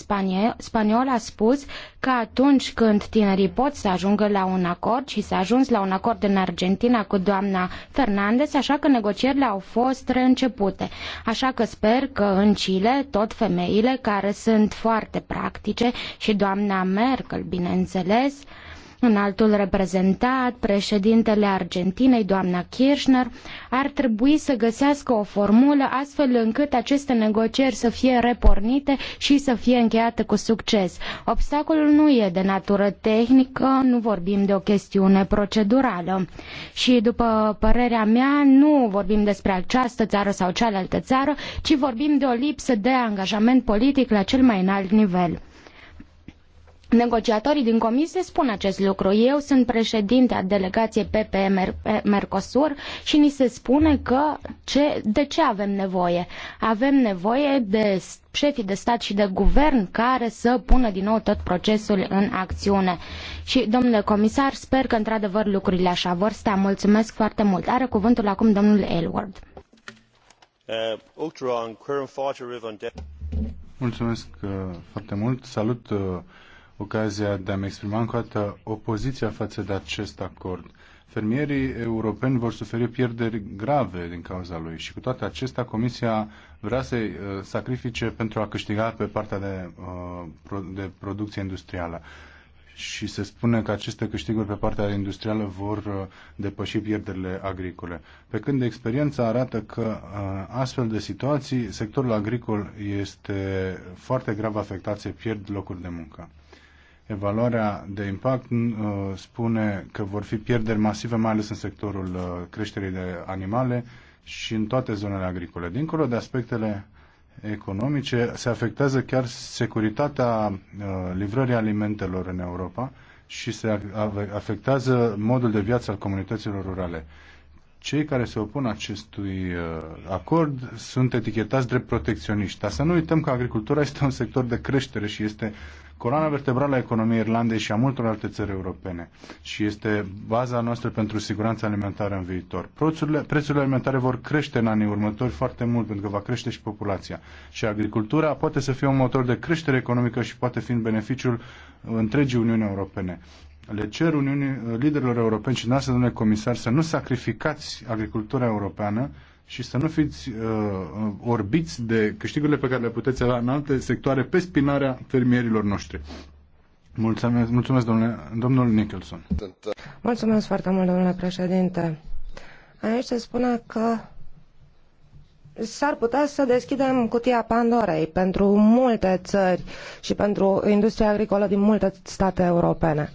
spaniol a spus că atunci când tinerii pot să ajungă la un acord și s-a ajuns la un acord în Argentina cu doamna Fernandez, așa că negocierile au fost reîncepute. Așa că sper că în Chile tot femeile care sunt foarte practice și doamna Merkel, bineînțeles, înaltul reprezentat, președintele Argentinei, doamna Kirchner, ar trebui să găsească o formulă astfel încât aceste negocieri să fie repornite și să fie încheiate cu succes. Obstacolul nu e de natură tehnică, nu vorbim de o chestiune procedurală. Și după părerea mea, nu vorbim despre această țară sau cealaltă țară, ci vorbim de o lipsă de angajament politic la cel mai înalt nivel. Negociatorii din comisie spun acest lucru. Eu sunt președintea delegației ppe Mercosur și ni se spune că ce, de ce avem nevoie. Avem nevoie de șefii de stat și de guvern care să pună din nou tot procesul în acțiune. Și, domnule comisar, sper că într-adevăr lucrurile așa vor sta. Mulțumesc foarte mult. Are cuvântul acum domnul Elward. Uh, Mulțumesc uh, foarte mult. Salut uh, ocazia de a-mi exprima încă o dată opoziția față de acest acord. Fermierii europeni vor suferi pierderi grave din cauza lui și cu toate acestea Comisia vrea să-i uh, sacrifice pentru a câștiga pe partea de, uh, de producție industrială și se spune că aceste câștiguri pe partea industrială vor uh, depăși pierderile agricole. Pe când experiența arată că astfel de situații, sectorul agricol este foarte grav afectat, se pierd locuri de muncă. Evaluarea de impact uh, spune că vor fi pierderi masive, mai ales în sectorul uh, creșterii de animale și în toate zonele agricole. Dincolo de aspectele economice, se afectează chiar securitatea uh, livrării alimentelor în Europa și se afectează modul de viață al comunităților rurale. Cei care se opun acestui acord sunt etichetați drept protecționiști. Dar să nu uităm că agricultura este un sector de creștere și este coloana vertebrală a economiei Irlandei și a multor alte țări europene și este baza noastră pentru siguranța alimentară în viitor. Prețurile, prețurile alimentare vor crește în anii următori foarte mult pentru că va crește și populația. Și agricultura poate să fie un motor de creștere economică și poate fi în beneficiul întregii Uniuni Europene. Le cer Uniunii, liderilor europeni și noastră, domnule comisar, să nu sacrificați agricultura europeană și să nu fiți uh, uh, orbiți de câștigurile pe care le puteți avea în alte sectoare pe spinarea fermierilor noștri. Mulțumesc, mulțumesc domnule, domnul Nicholson. Mulțumesc foarte mult, domnule președinte. Aici se spune că s-ar putea să deschidem cutia Pandorei pentru multe țări și pentru industria agricolă din multe state europene.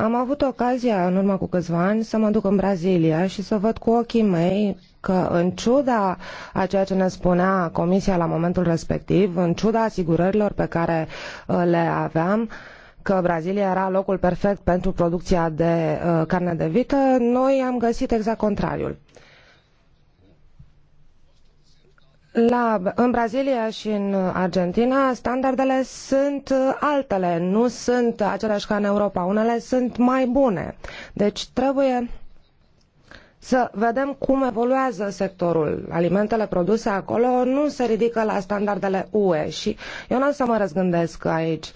Am avut ocazia în urmă cu câțiva ani să mă duc în Brazilia și să văd cu ochii mei că în ciuda a ceea ce ne spunea Comisia la momentul respectiv, în ciuda asigurărilor pe care uh, le aveam, că Brazilia era locul perfect pentru producția de uh, carne de vită, noi am găsit exact contrariul. la, în Brazilia și în Argentina, standardele sunt altele, nu sunt aceleași ca în Europa. Unele sunt mai bune. Deci trebuie să vedem cum evoluează sectorul. Alimentele produse acolo nu se ridică la standardele UE și eu nu o să mă răzgândesc aici. Uh,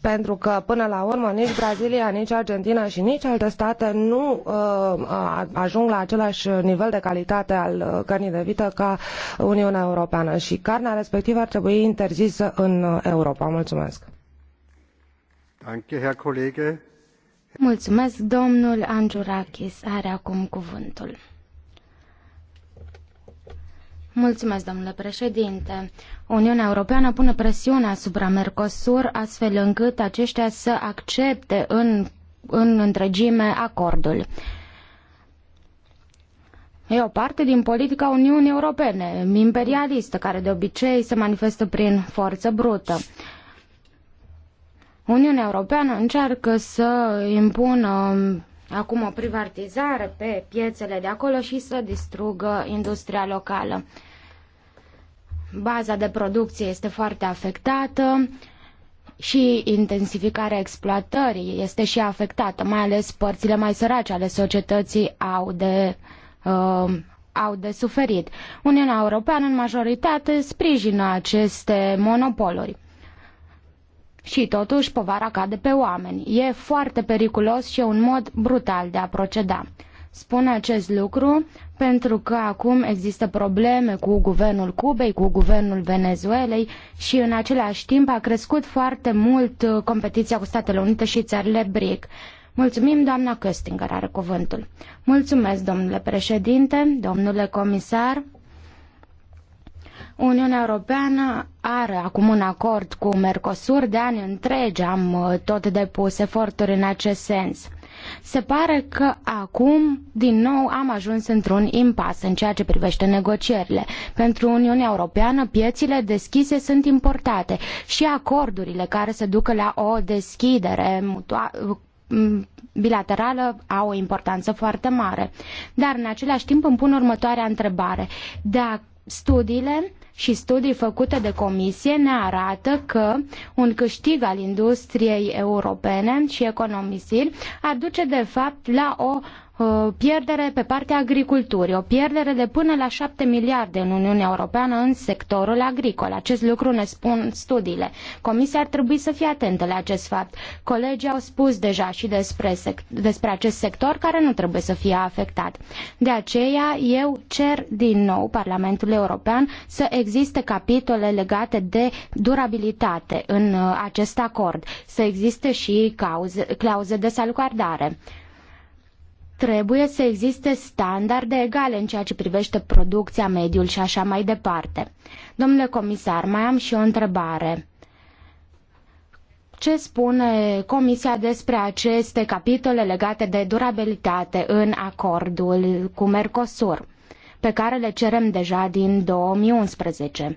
pentru că până la urmă nici Brazilia, nici Argentina și nici alte state nu uh, ajung la același nivel de calitate al uh, cărnii de vită ca Uniunea Europeană și carnea respectivă ar trebui interzisă în uh, Europa. Mulțumesc. Danke, Mulțumesc, domnul Angiurakis are acum cuvântul. Mulțumesc, domnule președinte. Uniunea Europeană pune presiune asupra Mercosur astfel încât aceștia să accepte în, în întregime acordul. E o parte din politica Uniunii Europene, imperialistă, care de obicei se manifestă prin forță brută. Uniunea Europeană încearcă să impună acum o privatizare pe piețele de acolo și să distrugă industria locală baza de producție este foarte afectată și intensificarea exploatării este și afectată, mai ales părțile mai sărace ale societății au de, uh, au de suferit. Uniunea Europeană în majoritate sprijină aceste monopoluri. Și totuși povara cade pe oameni. E foarte periculos și e un mod brutal de a proceda. Spun acest lucru pentru că acum există probleme cu guvernul Cubei, cu guvernul Venezuelei și în același timp a crescut foarte mult uh, competiția cu Statele Unite și țările BRIC. Mulțumim, doamna Köstinger are cuvântul. Mulțumesc, domnule președinte, domnule comisar. Uniunea Europeană are acum un acord cu Mercosur. De ani întregi am uh, tot depus eforturi în acest sens. Se pare că acum, din nou, am ajuns într-un impas în ceea ce privește negocierile. Pentru Uniunea Europeană, piețile deschise sunt importate și acordurile care se ducă la o deschidere bilaterală au o importanță foarte mare. Dar, în același timp, îmi pun următoarea întrebare. Dacă studiile și studii făcute de comisie ne arată că un câștig al industriei europene și economisiri ar duce de fapt la o pierdere pe partea agriculturii, o pierdere de până la 7 miliarde în Uniunea Europeană în sectorul agricol. Acest lucru ne spun studiile. Comisia ar trebui să fie atentă la acest fapt. Colegii au spus deja și despre, despre acest sector care nu trebuie să fie afectat. De aceea eu cer din nou Parlamentul European să existe capitole legate de durabilitate în uh, acest acord, să existe și cauze, clauze de salvgardare. Trebuie să existe standarde egale în ceea ce privește producția, mediul și așa mai departe. Domnule comisar, mai am și o întrebare ce spune Comisia despre aceste capitole legate de durabilitate în acordul cu Mercosur, pe care le cerem deja din 2011.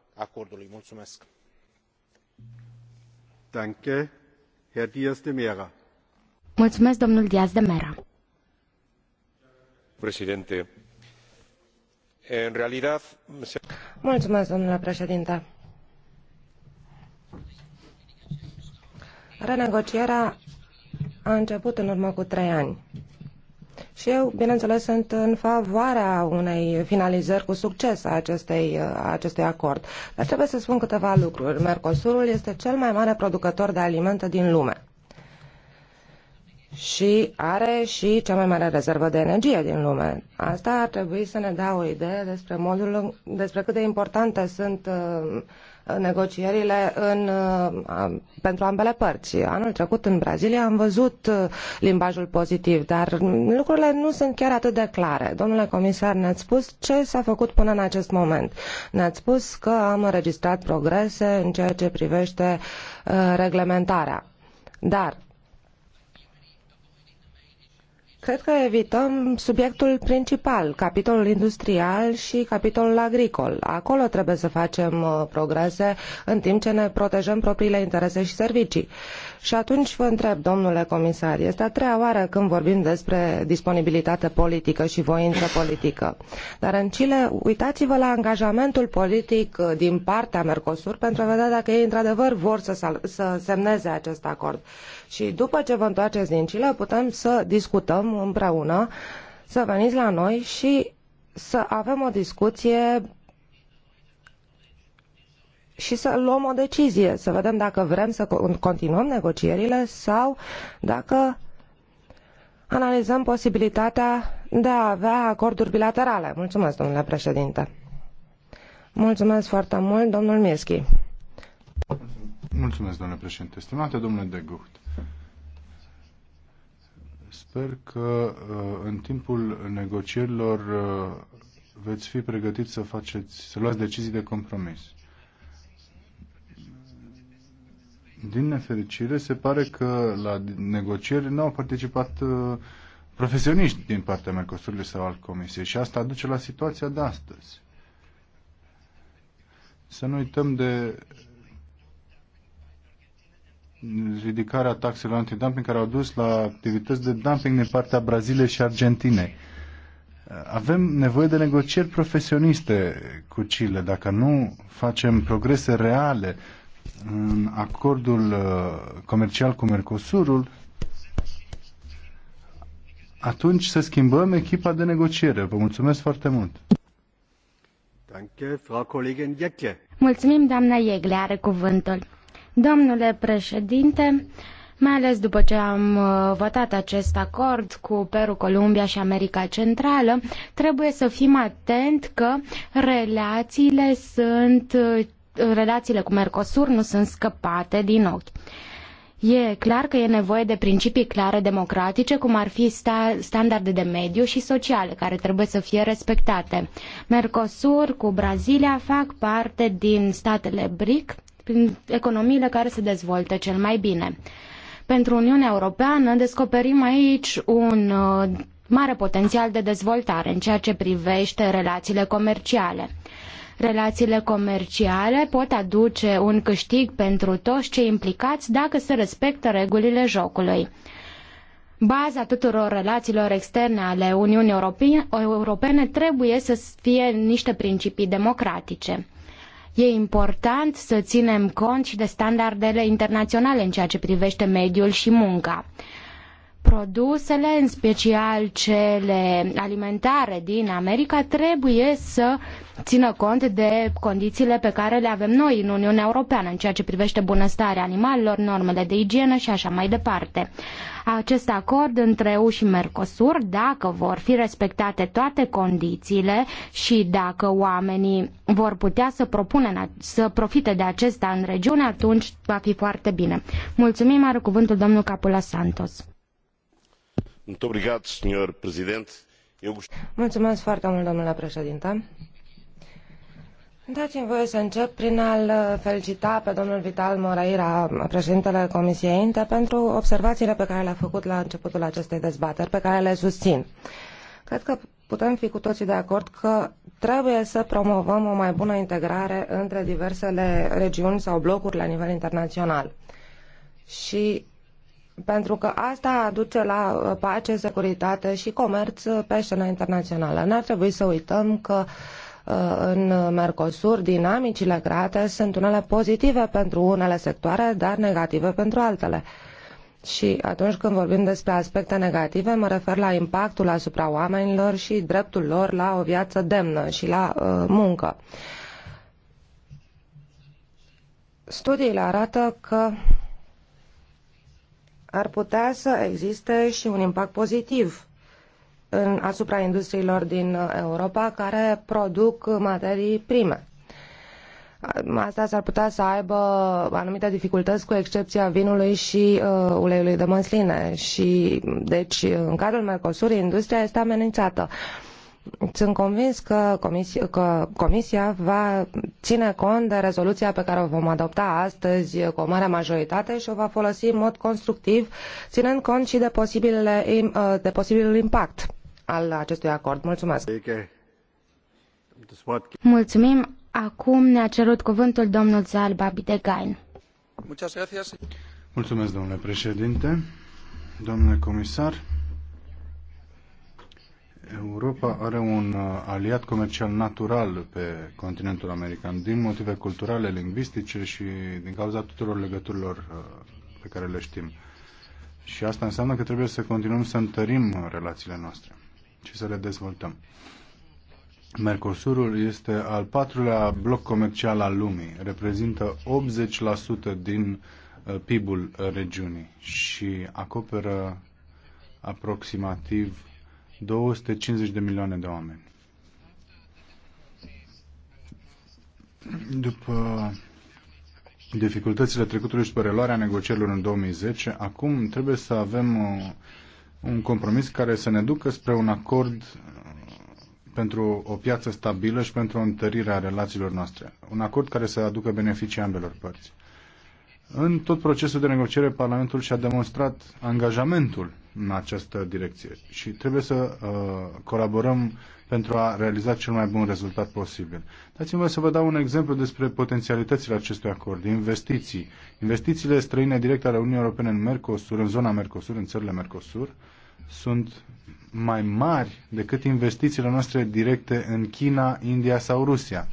acordului. Mulțumesc. Danke. Herr Diaz de Mera. Mulțumesc, domnul Diaz de Mera. Președinte, în realidad... Mulțumesc, domnule președinte. Renegocierea a început în urmă cu trei ani și eu, bineînțeles, sunt în favoarea unei finalizări cu succes a, acestei, a acestui acord. Dar trebuie să spun câteva lucruri. Mercosurul este cel mai mare producător de alimente din lume. Și are și cea mai mare rezervă de energie din lume. Asta ar trebui să ne dea o idee despre, modul, despre cât de importante sunt uh, negocierile în, uh, pentru ambele părți. Anul trecut în Brazilia am văzut uh, limbajul pozitiv, dar lucrurile nu sunt chiar atât de clare. Domnule comisar, ne-ați spus ce s-a făcut până în acest moment. Ne-ați spus că am înregistrat progrese în ceea ce privește uh, reglementarea. Dar Cred că evităm subiectul principal, capitolul industrial și capitolul agricol. Acolo trebuie să facem uh, progrese în timp ce ne protejăm propriile interese și servicii. Și atunci vă întreb, domnule comisar, este a treia oară când vorbim despre disponibilitate politică și voință politică. Dar în Chile, uitați-vă la angajamentul politic uh, din partea Mercosur pentru a vedea dacă ei într-adevăr vor să, să semneze acest acord. Și după ce vă întoarceți din Chile, putem să discutăm împreună să veniți la noi și să avem o discuție și să luăm o decizie, să vedem dacă vrem să continuăm negocierile sau dacă analizăm posibilitatea de a avea acorduri bilaterale. Mulțumesc, domnule președinte. Mulțumesc foarte mult, domnul Mieschi. Mulțumesc, domnule președinte. Stimate domnule de Gucht, Sper că uh, în timpul negocierilor uh, veți fi pregătiți să faceți, să luați decizii de compromis. Din nefericire, se pare că la negocieri nu au participat uh, profesioniști din partea Mercosurului sau al Comisiei și asta aduce la situația de astăzi. Să nu uităm de ridicarea taxelor antidumping care au dus la activități de dumping din partea Braziliei și Argentinei. Avem nevoie de negocieri profesioniste cu Chile. Dacă nu facem progrese reale în acordul uh, comercial cu Mercosurul, atunci să schimbăm echipa de negociere. Vă mulțumesc foarte mult. Mulțumim, doamna Iegle. Are cuvântul. Domnule președinte, mai ales după ce am uh, votat acest acord cu Peru, Columbia și America Centrală, trebuie să fim atent că relațiile sunt uh, relațiile cu Mercosur nu sunt scăpate din ochi. E clar că e nevoie de principii clare democratice, cum ar fi sta, standarde de mediu și sociale, care trebuie să fie respectate. Mercosur cu Brazilia fac parte din statele BRIC, prin economiile care se dezvoltă cel mai bine. Pentru Uniunea Europeană descoperim aici un uh, mare potențial de dezvoltare în ceea ce privește relațiile comerciale. Relațiile comerciale pot aduce un câștig pentru toți cei implicați dacă se respectă regulile jocului. Baza tuturor relațiilor externe ale Uniunii Europene trebuie să fie niște principii democratice. E important să ținem cont și de standardele internaționale în ceea ce privește mediul și munca produsele, în special cele alimentare din America, trebuie să țină cont de condițiile pe care le avem noi în Uniunea Europeană în ceea ce privește bunăstarea animalelor, normele de igienă și așa mai departe. Acest acord între EU și Mercosur, dacă vor fi respectate toate condițiile și dacă oamenii vor putea să propune, să profite de acesta în regiune, atunci va fi foarte bine. Mulțumim, are cuvântul domnul Capula Santos dai foarte mult, mi voie să încep prin a-l felicita pe domnul Vital Moreira, președintele Comisiei INTE, pentru observațiile pe care le-a făcut la începutul acestei dezbateri, pe care le susțin. Cred că putem fi cu toții de acord că trebuie să promovăm o mai bună integrare între diversele regiuni sau blocuri la nivel internațional. Și pentru că asta aduce la uh, pace, securitate și comerț uh, pe scena internațională. N-ar trebui să uităm că uh, în Mercosur, dinamicile create sunt unele pozitive pentru unele sectoare, dar negative pentru altele. Și atunci când vorbim despre aspecte negative, mă refer la impactul asupra oamenilor și dreptul lor la o viață demnă și la uh, muncă. Studiile arată că ar putea să existe și un impact pozitiv în, asupra industriilor din Europa care produc materii prime. Asta s-ar putea să aibă anumite dificultăți cu excepția vinului și uh, uleiului de măsline și deci în cadrul Mercosur industria este amenințată. Uh, sunt convins că, comisia, că Comisia va ține cont de rezoluția pe care o vom adopta astăzi cu o mare majoritate și o va folosi în mod constructiv, ținând cont și de, posibilele, uh, de posibilul impact al acestui acord. Mulțumesc! Mulțumim! Acum ne-a cerut cuvântul domnul Zalba Bidegain. Mulțumesc, domnule președinte, domnule comisar. Europa are un uh, aliat comercial natural pe continentul american din motive culturale, lingvistice și din cauza tuturor legăturilor uh, pe care le știm. Și asta înseamnă că trebuie să continuăm să întărim relațiile noastre și să le dezvoltăm. Mercosurul este al patrulea bloc comercial al lumii, reprezintă 80% din uh, PIB-ul regiunii și acoperă aproximativ 250 de milioane de oameni. După dificultățile trecutului și pe reluarea negocierilor în 2010, acum trebuie să avem uh, un compromis care să ne ducă spre un acord uh, pentru o piață stabilă și pentru o întărire a relațiilor noastre. Un acord care să aducă beneficii ambelor părți. În tot procesul de negociere, Parlamentul și-a demonstrat angajamentul în această direcție și trebuie să uh, colaborăm pentru a realiza cel mai bun rezultat posibil. Dați-mi să vă dau un exemplu despre potențialitățile acestui acord, investiții. Investițiile străine directe ale Uniunii Europene în Mercosur, în zona Mercosur, în țările Mercosur, sunt mai mari decât investițiile noastre directe în China, India sau Rusia.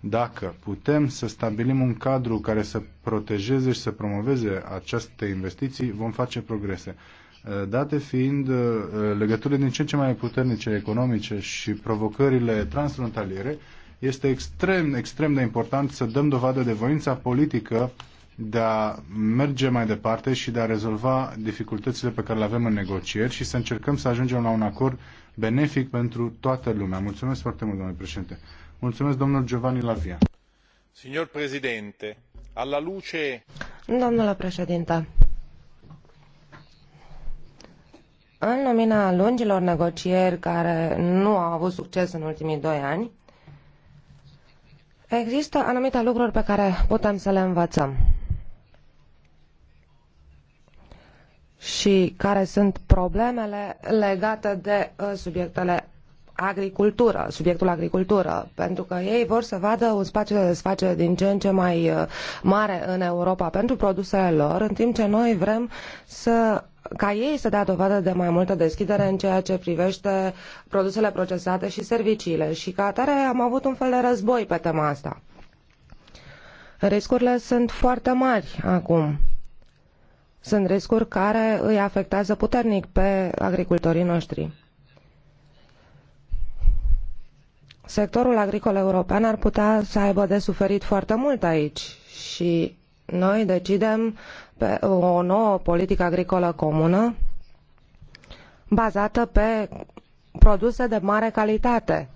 Dacă putem să stabilim un cadru care să protejeze și să promoveze aceste investiții, vom face progrese. Eh, date fiind eh, legăturile din ce în ce mai puternice economice și provocările transfrontaliere, este extrem, extrem de important să dăm dovadă de voința politică de a merge mai departe și de a rezolva dificultățile pe care le avem în negocieri și să încercăm să ajungem la un acord benefic pentru toată lumea. Mulțumesc foarte mult, domnule președinte. Mulțumesc, domnul Giovanni Domnule președinte, în lumina lungilor negocieri care nu au avut succes în ultimii doi ani, există anumite lucruri pe care putem să le învățăm. și care sunt problemele legate de uh, subiectele agricultură, subiectul agricultură, pentru că ei vor să vadă un spațiu de desfacere din ce în ce mai uh, mare în Europa pentru produsele lor, în timp ce noi vrem să ca ei să dea dovadă de mai multă deschidere în ceea ce privește produsele procesate și serviciile. Și ca atare am avut un fel de război pe tema asta. Riscurile sunt foarte mari acum. Sunt riscuri care îi afectează puternic pe agricultorii noștri. sectorul agricol european ar putea să aibă de suferit foarte mult aici și noi decidem pe o nouă politică agricolă comună bazată pe produse de mare calitate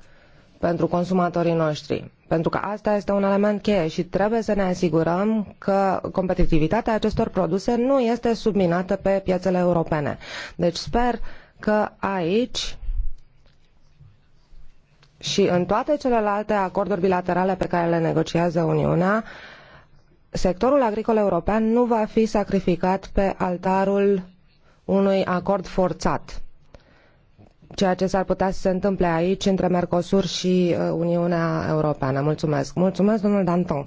pentru consumatorii noștri. Pentru că asta este un element cheie și trebuie să ne asigurăm că competitivitatea acestor produse nu este subminată pe piețele europene. Deci sper că aici și în toate celelalte acorduri bilaterale pe care le negociază Uniunea, sectorul agricol european nu va fi sacrificat pe altarul unui acord forțat. Ceea ce s-ar putea să se întâmple aici între Mercosur și uh, Uniunea Europeană. Mulțumesc. Mulțumesc, domnul Danton.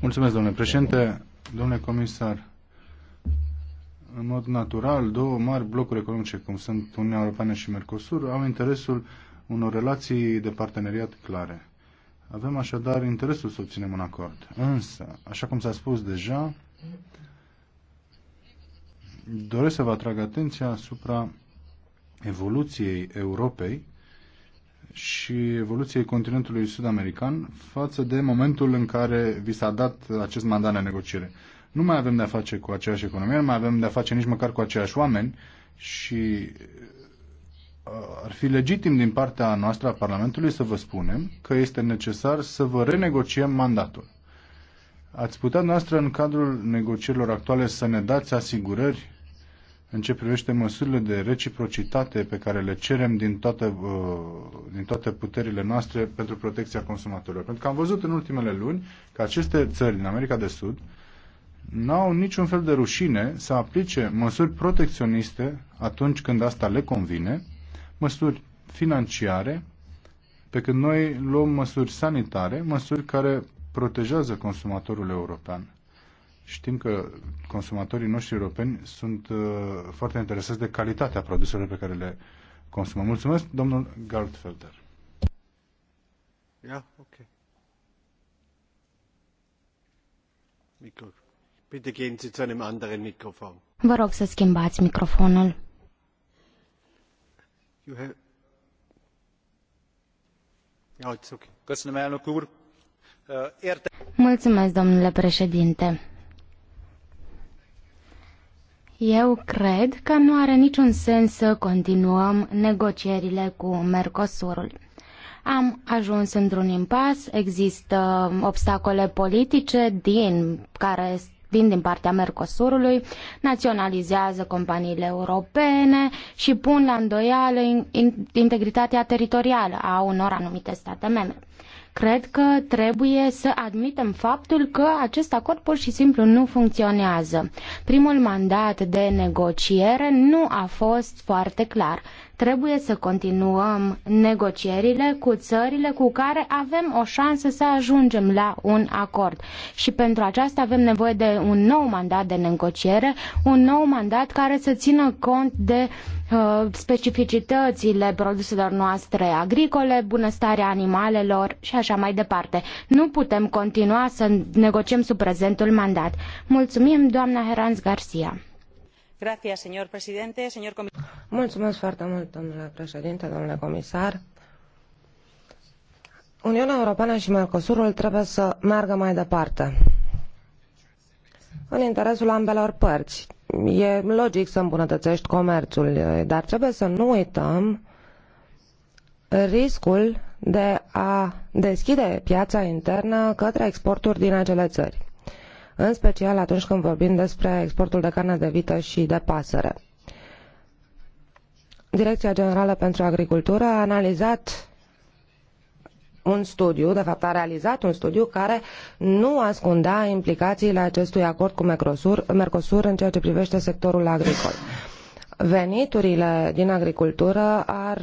Mulțumesc, domnule președinte. Domnule comisar, în mod natural, două mari blocuri economice, cum sunt Uniunea Europeană și Mercosur, au interesul unor relații de parteneriat clare. Avem așadar interesul să obținem un acord. Însă, așa cum s-a spus deja, doresc să vă atrag atenția asupra evoluției Europei și evoluției continentului sud-american față de momentul în care vi s-a dat acest mandat de negociere. Nu mai avem de-a face cu aceeași economie, nu mai avem de-a face nici măcar cu aceiași oameni și Uh, ar fi legitim din partea noastră a Parlamentului să vă spunem că este necesar să vă renegociem mandatul. Ați putea noastră în cadrul negocierilor actuale să ne dați asigurări în ce privește măsurile de reciprocitate pe care le cerem din toate, uh, din toate puterile noastre pentru protecția consumatorilor. Pentru că am văzut în ultimele luni că aceste țări din America de Sud n-au niciun fel de rușine să aplice măsuri protecționiste atunci când asta le convine măsuri financiare, pe când noi luăm măsuri sanitare, măsuri care protejează consumatorul european. Știm că consumatorii noștri europeni sunt uh, foarte interesați de calitatea produselor pe care le consumăm. Mulțumesc, domnul Galtfelder. Yeah, okay. Vă rog să schimbați microfonul. Uh, Mulțumesc, domnule președinte. Eu cred că nu are niciun sens să continuăm negocierile cu Mercosurul. Am ajuns într-un impas, există obstacole politice din care vin din partea Mercosurului, naționalizează companiile europene și pun la îndoială integritatea teritorială a unor anumite state membre. Cred că trebuie să admitem faptul că acest acord pur și simplu nu funcționează. Primul mandat de negociere nu a fost foarte clar. Trebuie să continuăm negocierile cu țările cu care avem o șansă să ajungem la un acord. Și pentru aceasta avem nevoie de un nou mandat de negociere, un nou mandat care să țină cont de uh, specificitățile produselor noastre agricole, bunăstarea animalelor și așa mai departe. Nu putem continua să negociem sub prezentul mandat. Mulțumim, doamna Heranz Garcia. Mulțumesc foarte mult, domnule președinte, comisar. Uniunea Europeană și Mercosurul trebuie să meargă mai departe în interesul ambelor părți. E logic să îmbunătăeti comerțul, dar trebuie să nu uităm riscul de a deschide piaa internă către exporturi din acele țări în special atunci când vorbim despre exportul de carne de vită și de pasăre. Direcția Generală pentru Agricultură a analizat un studiu, de fapt a realizat un studiu care nu ascundea implicațiile acestui acord cu Mercosur, Mercosur în ceea ce privește sectorul agricol veniturile din agricultură ar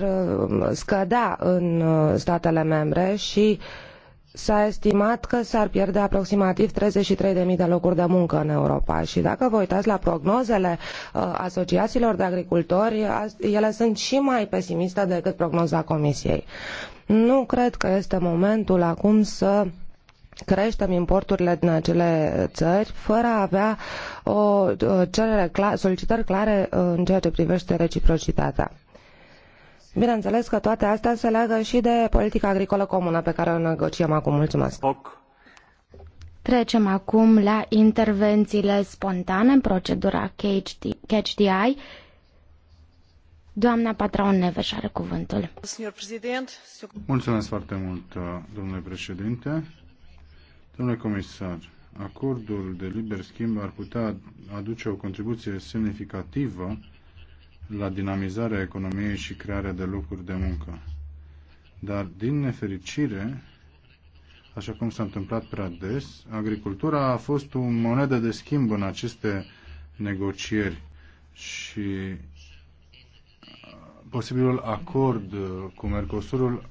uh, scădea în uh, statele membre și uh, S-a estimat că s-ar pierde aproximativ 33.000 de locuri de muncă în Europa și dacă vă uitați la prognozele uh, asociațiilor de agricultori, ele sunt și mai pesimiste decât prognoza Comisiei. Nu cred că este momentul acum să creștem importurile din acele țări fără a avea o uh, cerere, solicitări clare uh, în ceea ce privește reciprocitatea. Bineînțeles că toate astea se leagă și de politica agricolă comună pe care o negociem acum. Mulțumesc! Trecem acum la intervențiile spontane în procedura Catch the Eye. Doamna Patraon Neveș are cuvântul. Mulțumesc foarte mult, domnule președinte. Domnule comisar, acordul de liber schimb ar putea aduce o contribuție semnificativă la dinamizarea economiei și crearea de locuri de muncă. Dar, din nefericire, așa cum s-a întâmplat prea des, agricultura a fost o monedă de schimb în aceste negocieri și uh, posibilul acord uh, cu Mercosurul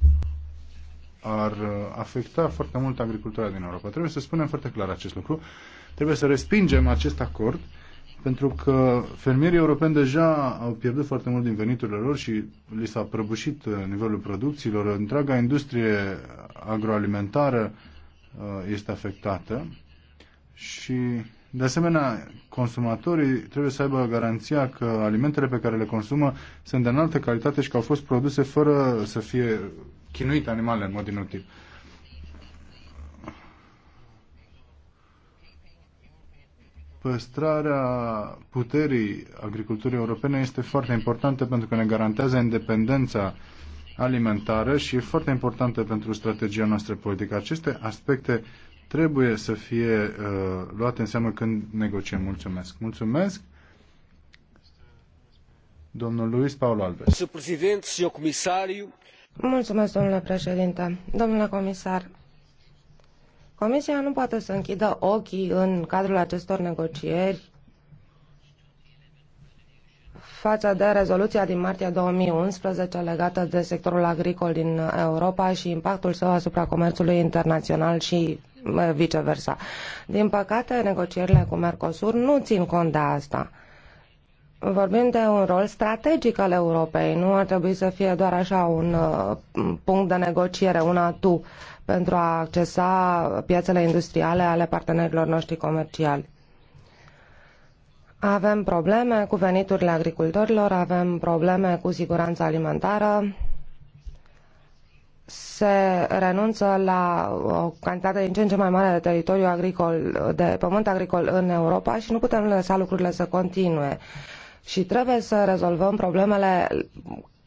ar uh, afecta foarte mult agricultura din Europa. Trebuie să spunem foarte clar acest lucru. Trebuie să respingem acest acord pentru că fermierii europeni deja au pierdut foarte mult din veniturile lor și li s-a prăbușit uh, nivelul producțiilor. Întreaga industrie agroalimentară uh, este afectată și, de asemenea, consumatorii trebuie să aibă garanția că alimentele pe care le consumă sunt de înaltă calitate și că au fost produse fără să fie chinuite animalele în mod inutil. păstrarea puterii agriculturii europene este foarte importantă pentru că ne garantează independența alimentară și e foarte importantă pentru strategia noastră politică. Aceste aspecte trebuie să fie uh, luate în seamă când negociem. Mulțumesc. Mulțumesc. Domnul Luis Paulo Alves. Mulțumesc, domnule președinte. Domnule comisar, Comisia nu poate să închidă ochii în cadrul acestor negocieri față de rezoluția din martie 2011 legată de sectorul agricol din Europa și impactul său asupra comerțului internațional și viceversa. Din păcate, negocierile cu Mercosur nu țin cont de asta. Vorbim de un rol strategic al Europei, nu ar trebui să fie doar așa un uh, punct de negociere, una tu pentru a accesa piețele industriale ale partenerilor noștri comerciali. Avem probleme cu veniturile agricultorilor, avem probleme cu siguranța alimentară, se renunță la o cantitate din ce în ce mai mare de teritoriu agricol, de pământ agricol în Europa și nu putem lăsa lucrurile să continue. Și trebuie să rezolvăm problemele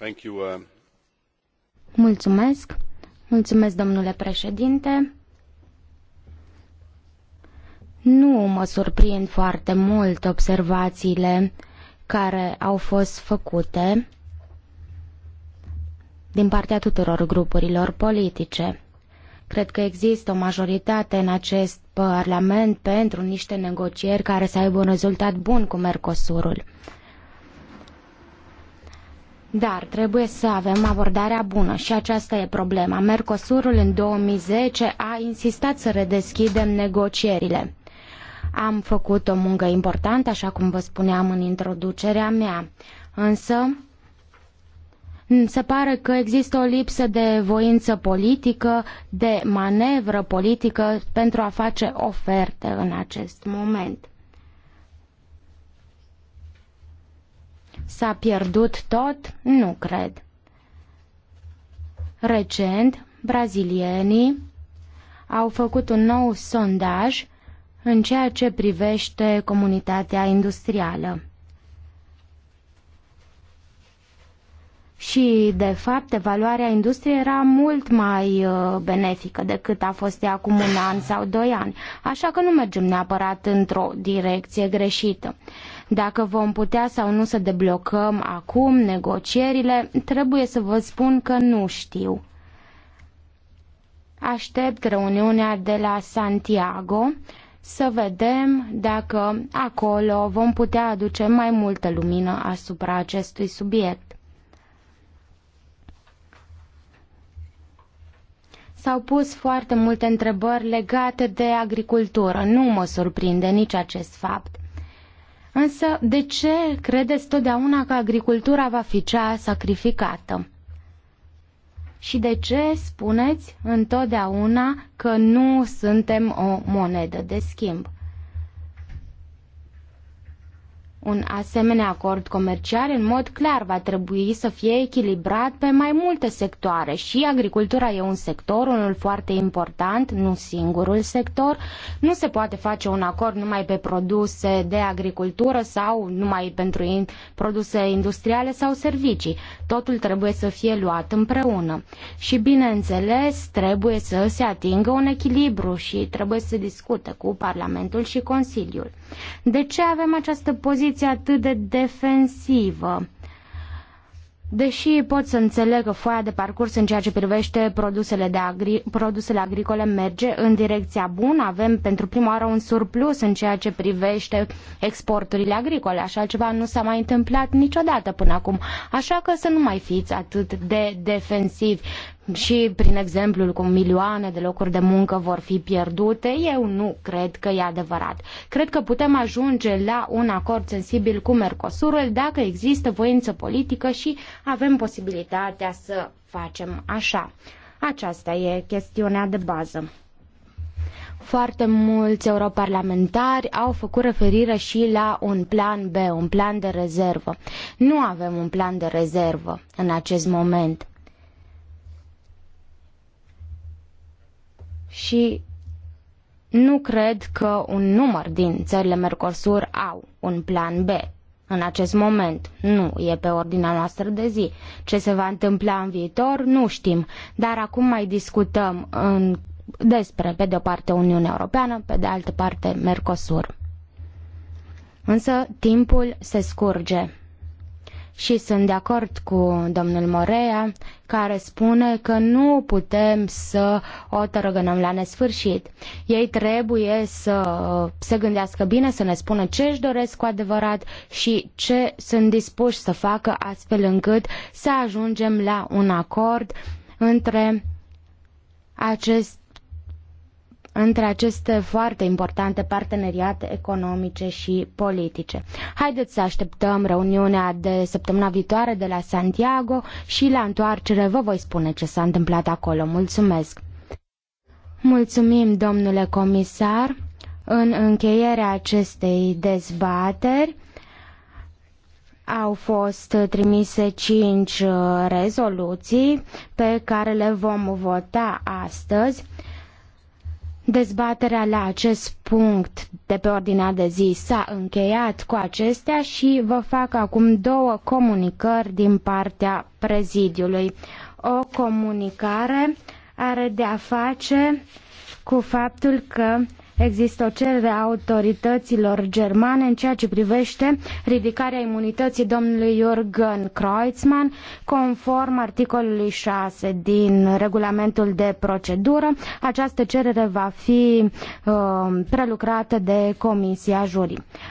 Uh, Mulțumesc. Mulțumesc, domnule președinte. Nu mă surprind foarte mult observațiile care au fost făcute din partea tuturor grupurilor politice. Cred că există o majoritate în acest Parlament pentru niște negocieri care să aibă un rezultat bun cu Mercosurul. Dar trebuie să avem abordarea bună și aceasta e problema. Mercosurul în 2010 a insistat să redeschidem negocierile. Am făcut o muncă importantă, așa cum vă spuneam în introducerea mea, însă se pare că există o lipsă de voință politică, de manevră politică pentru a face oferte în acest moment. S-a pierdut tot? Nu cred. Recent, brazilienii au făcut un nou sondaj în ceea ce privește comunitatea industrială. Și, de fapt, evaluarea industriei era mult mai uh, benefică decât a fost ea acum un an sau doi ani, așa că nu mergem neapărat într-o direcție greșită. Uh, dacă vom putea sau nu să deblocăm acum negocierile, trebuie să vă spun că nu știu. Aștept reuniunea de la Santiago să vedem dacă acolo vom putea aduce mai multă lumină asupra acestui subiect. S-au pus foarte multe întrebări legate de agricultură. Nu mă surprinde nici acest fapt. Însă, de ce credeți totdeauna că agricultura va fi cea sacrificată? Și de ce spuneți întotdeauna că nu suntem o monedă de schimb? Un asemenea acord comercial în mod clar va trebui să fie echilibrat pe mai multe sectoare și agricultura e un sector, unul foarte important, nu singurul sector. Nu se poate face un acord numai pe produse de agricultură sau numai pentru produse industriale sau servicii. Totul trebuie să fie luat împreună. Și bineînțeles, trebuie să se atingă un echilibru și trebuie să se discute cu Parlamentul și Consiliul. De ce avem această poziție? poziție atât de defensivă. Deși pot să înțeleg că foaia de parcurs în ceea ce privește produsele, de agri- produsele agricole merge în direcția bună, avem pentru prima oară un surplus în ceea ce privește exporturile agricole. Așa ceva nu s-a mai întâmplat niciodată până acum. Așa că să nu mai fiți atât de defensivi și prin exemplul cu milioane de locuri de muncă vor fi pierdute, eu nu cred că e adevărat. Cred că putem ajunge la un acord sensibil cu Mercosurul dacă există voință politică și avem posibilitatea să facem așa. Aceasta e chestiunea de bază. Foarte mulți europarlamentari au făcut referire și la un plan B, un plan de rezervă. Nu avem un plan de rezervă în acest moment. și nu cred că un număr din țările Mercosur au un plan B. În acest moment nu e pe ordinea noastră de zi. Ce se va întâmpla în viitor nu știm, dar acum mai discutăm în, despre, pe de o parte, Uniunea Europeană, pe de altă parte, Mercosur. Însă timpul se scurge și sunt de acord cu domnul Morea, care spune că nu putem să o tărăgânăm la nesfârșit. Ei trebuie să se gândească bine, să ne spună ce își doresc cu adevărat și ce sunt dispuși să facă astfel încât să ajungem la un acord între acest între aceste foarte importante parteneriate economice și politice. Haideți să așteptăm reuniunea de săptămâna viitoare de la Santiago și la întoarcere vă voi spune ce s-a întâmplat acolo. Mulțumesc! Mulțumim, domnule comisar! În încheierea acestei dezbateri, au fost trimise cinci rezoluții pe care le vom vota astăzi. Dezbaterea la acest punct de pe ordinea de zi s-a încheiat cu acestea și vă fac acum două comunicări din partea prezidiului. O comunicare are de a face cu faptul că Există o cerere a autorităților germane în ceea ce privește ridicarea imunității domnului Jürgen Kreutzmann, conform articolului 6 din regulamentul de procedură. Această cerere va fi uh, prelucrată de Comisia Jurii.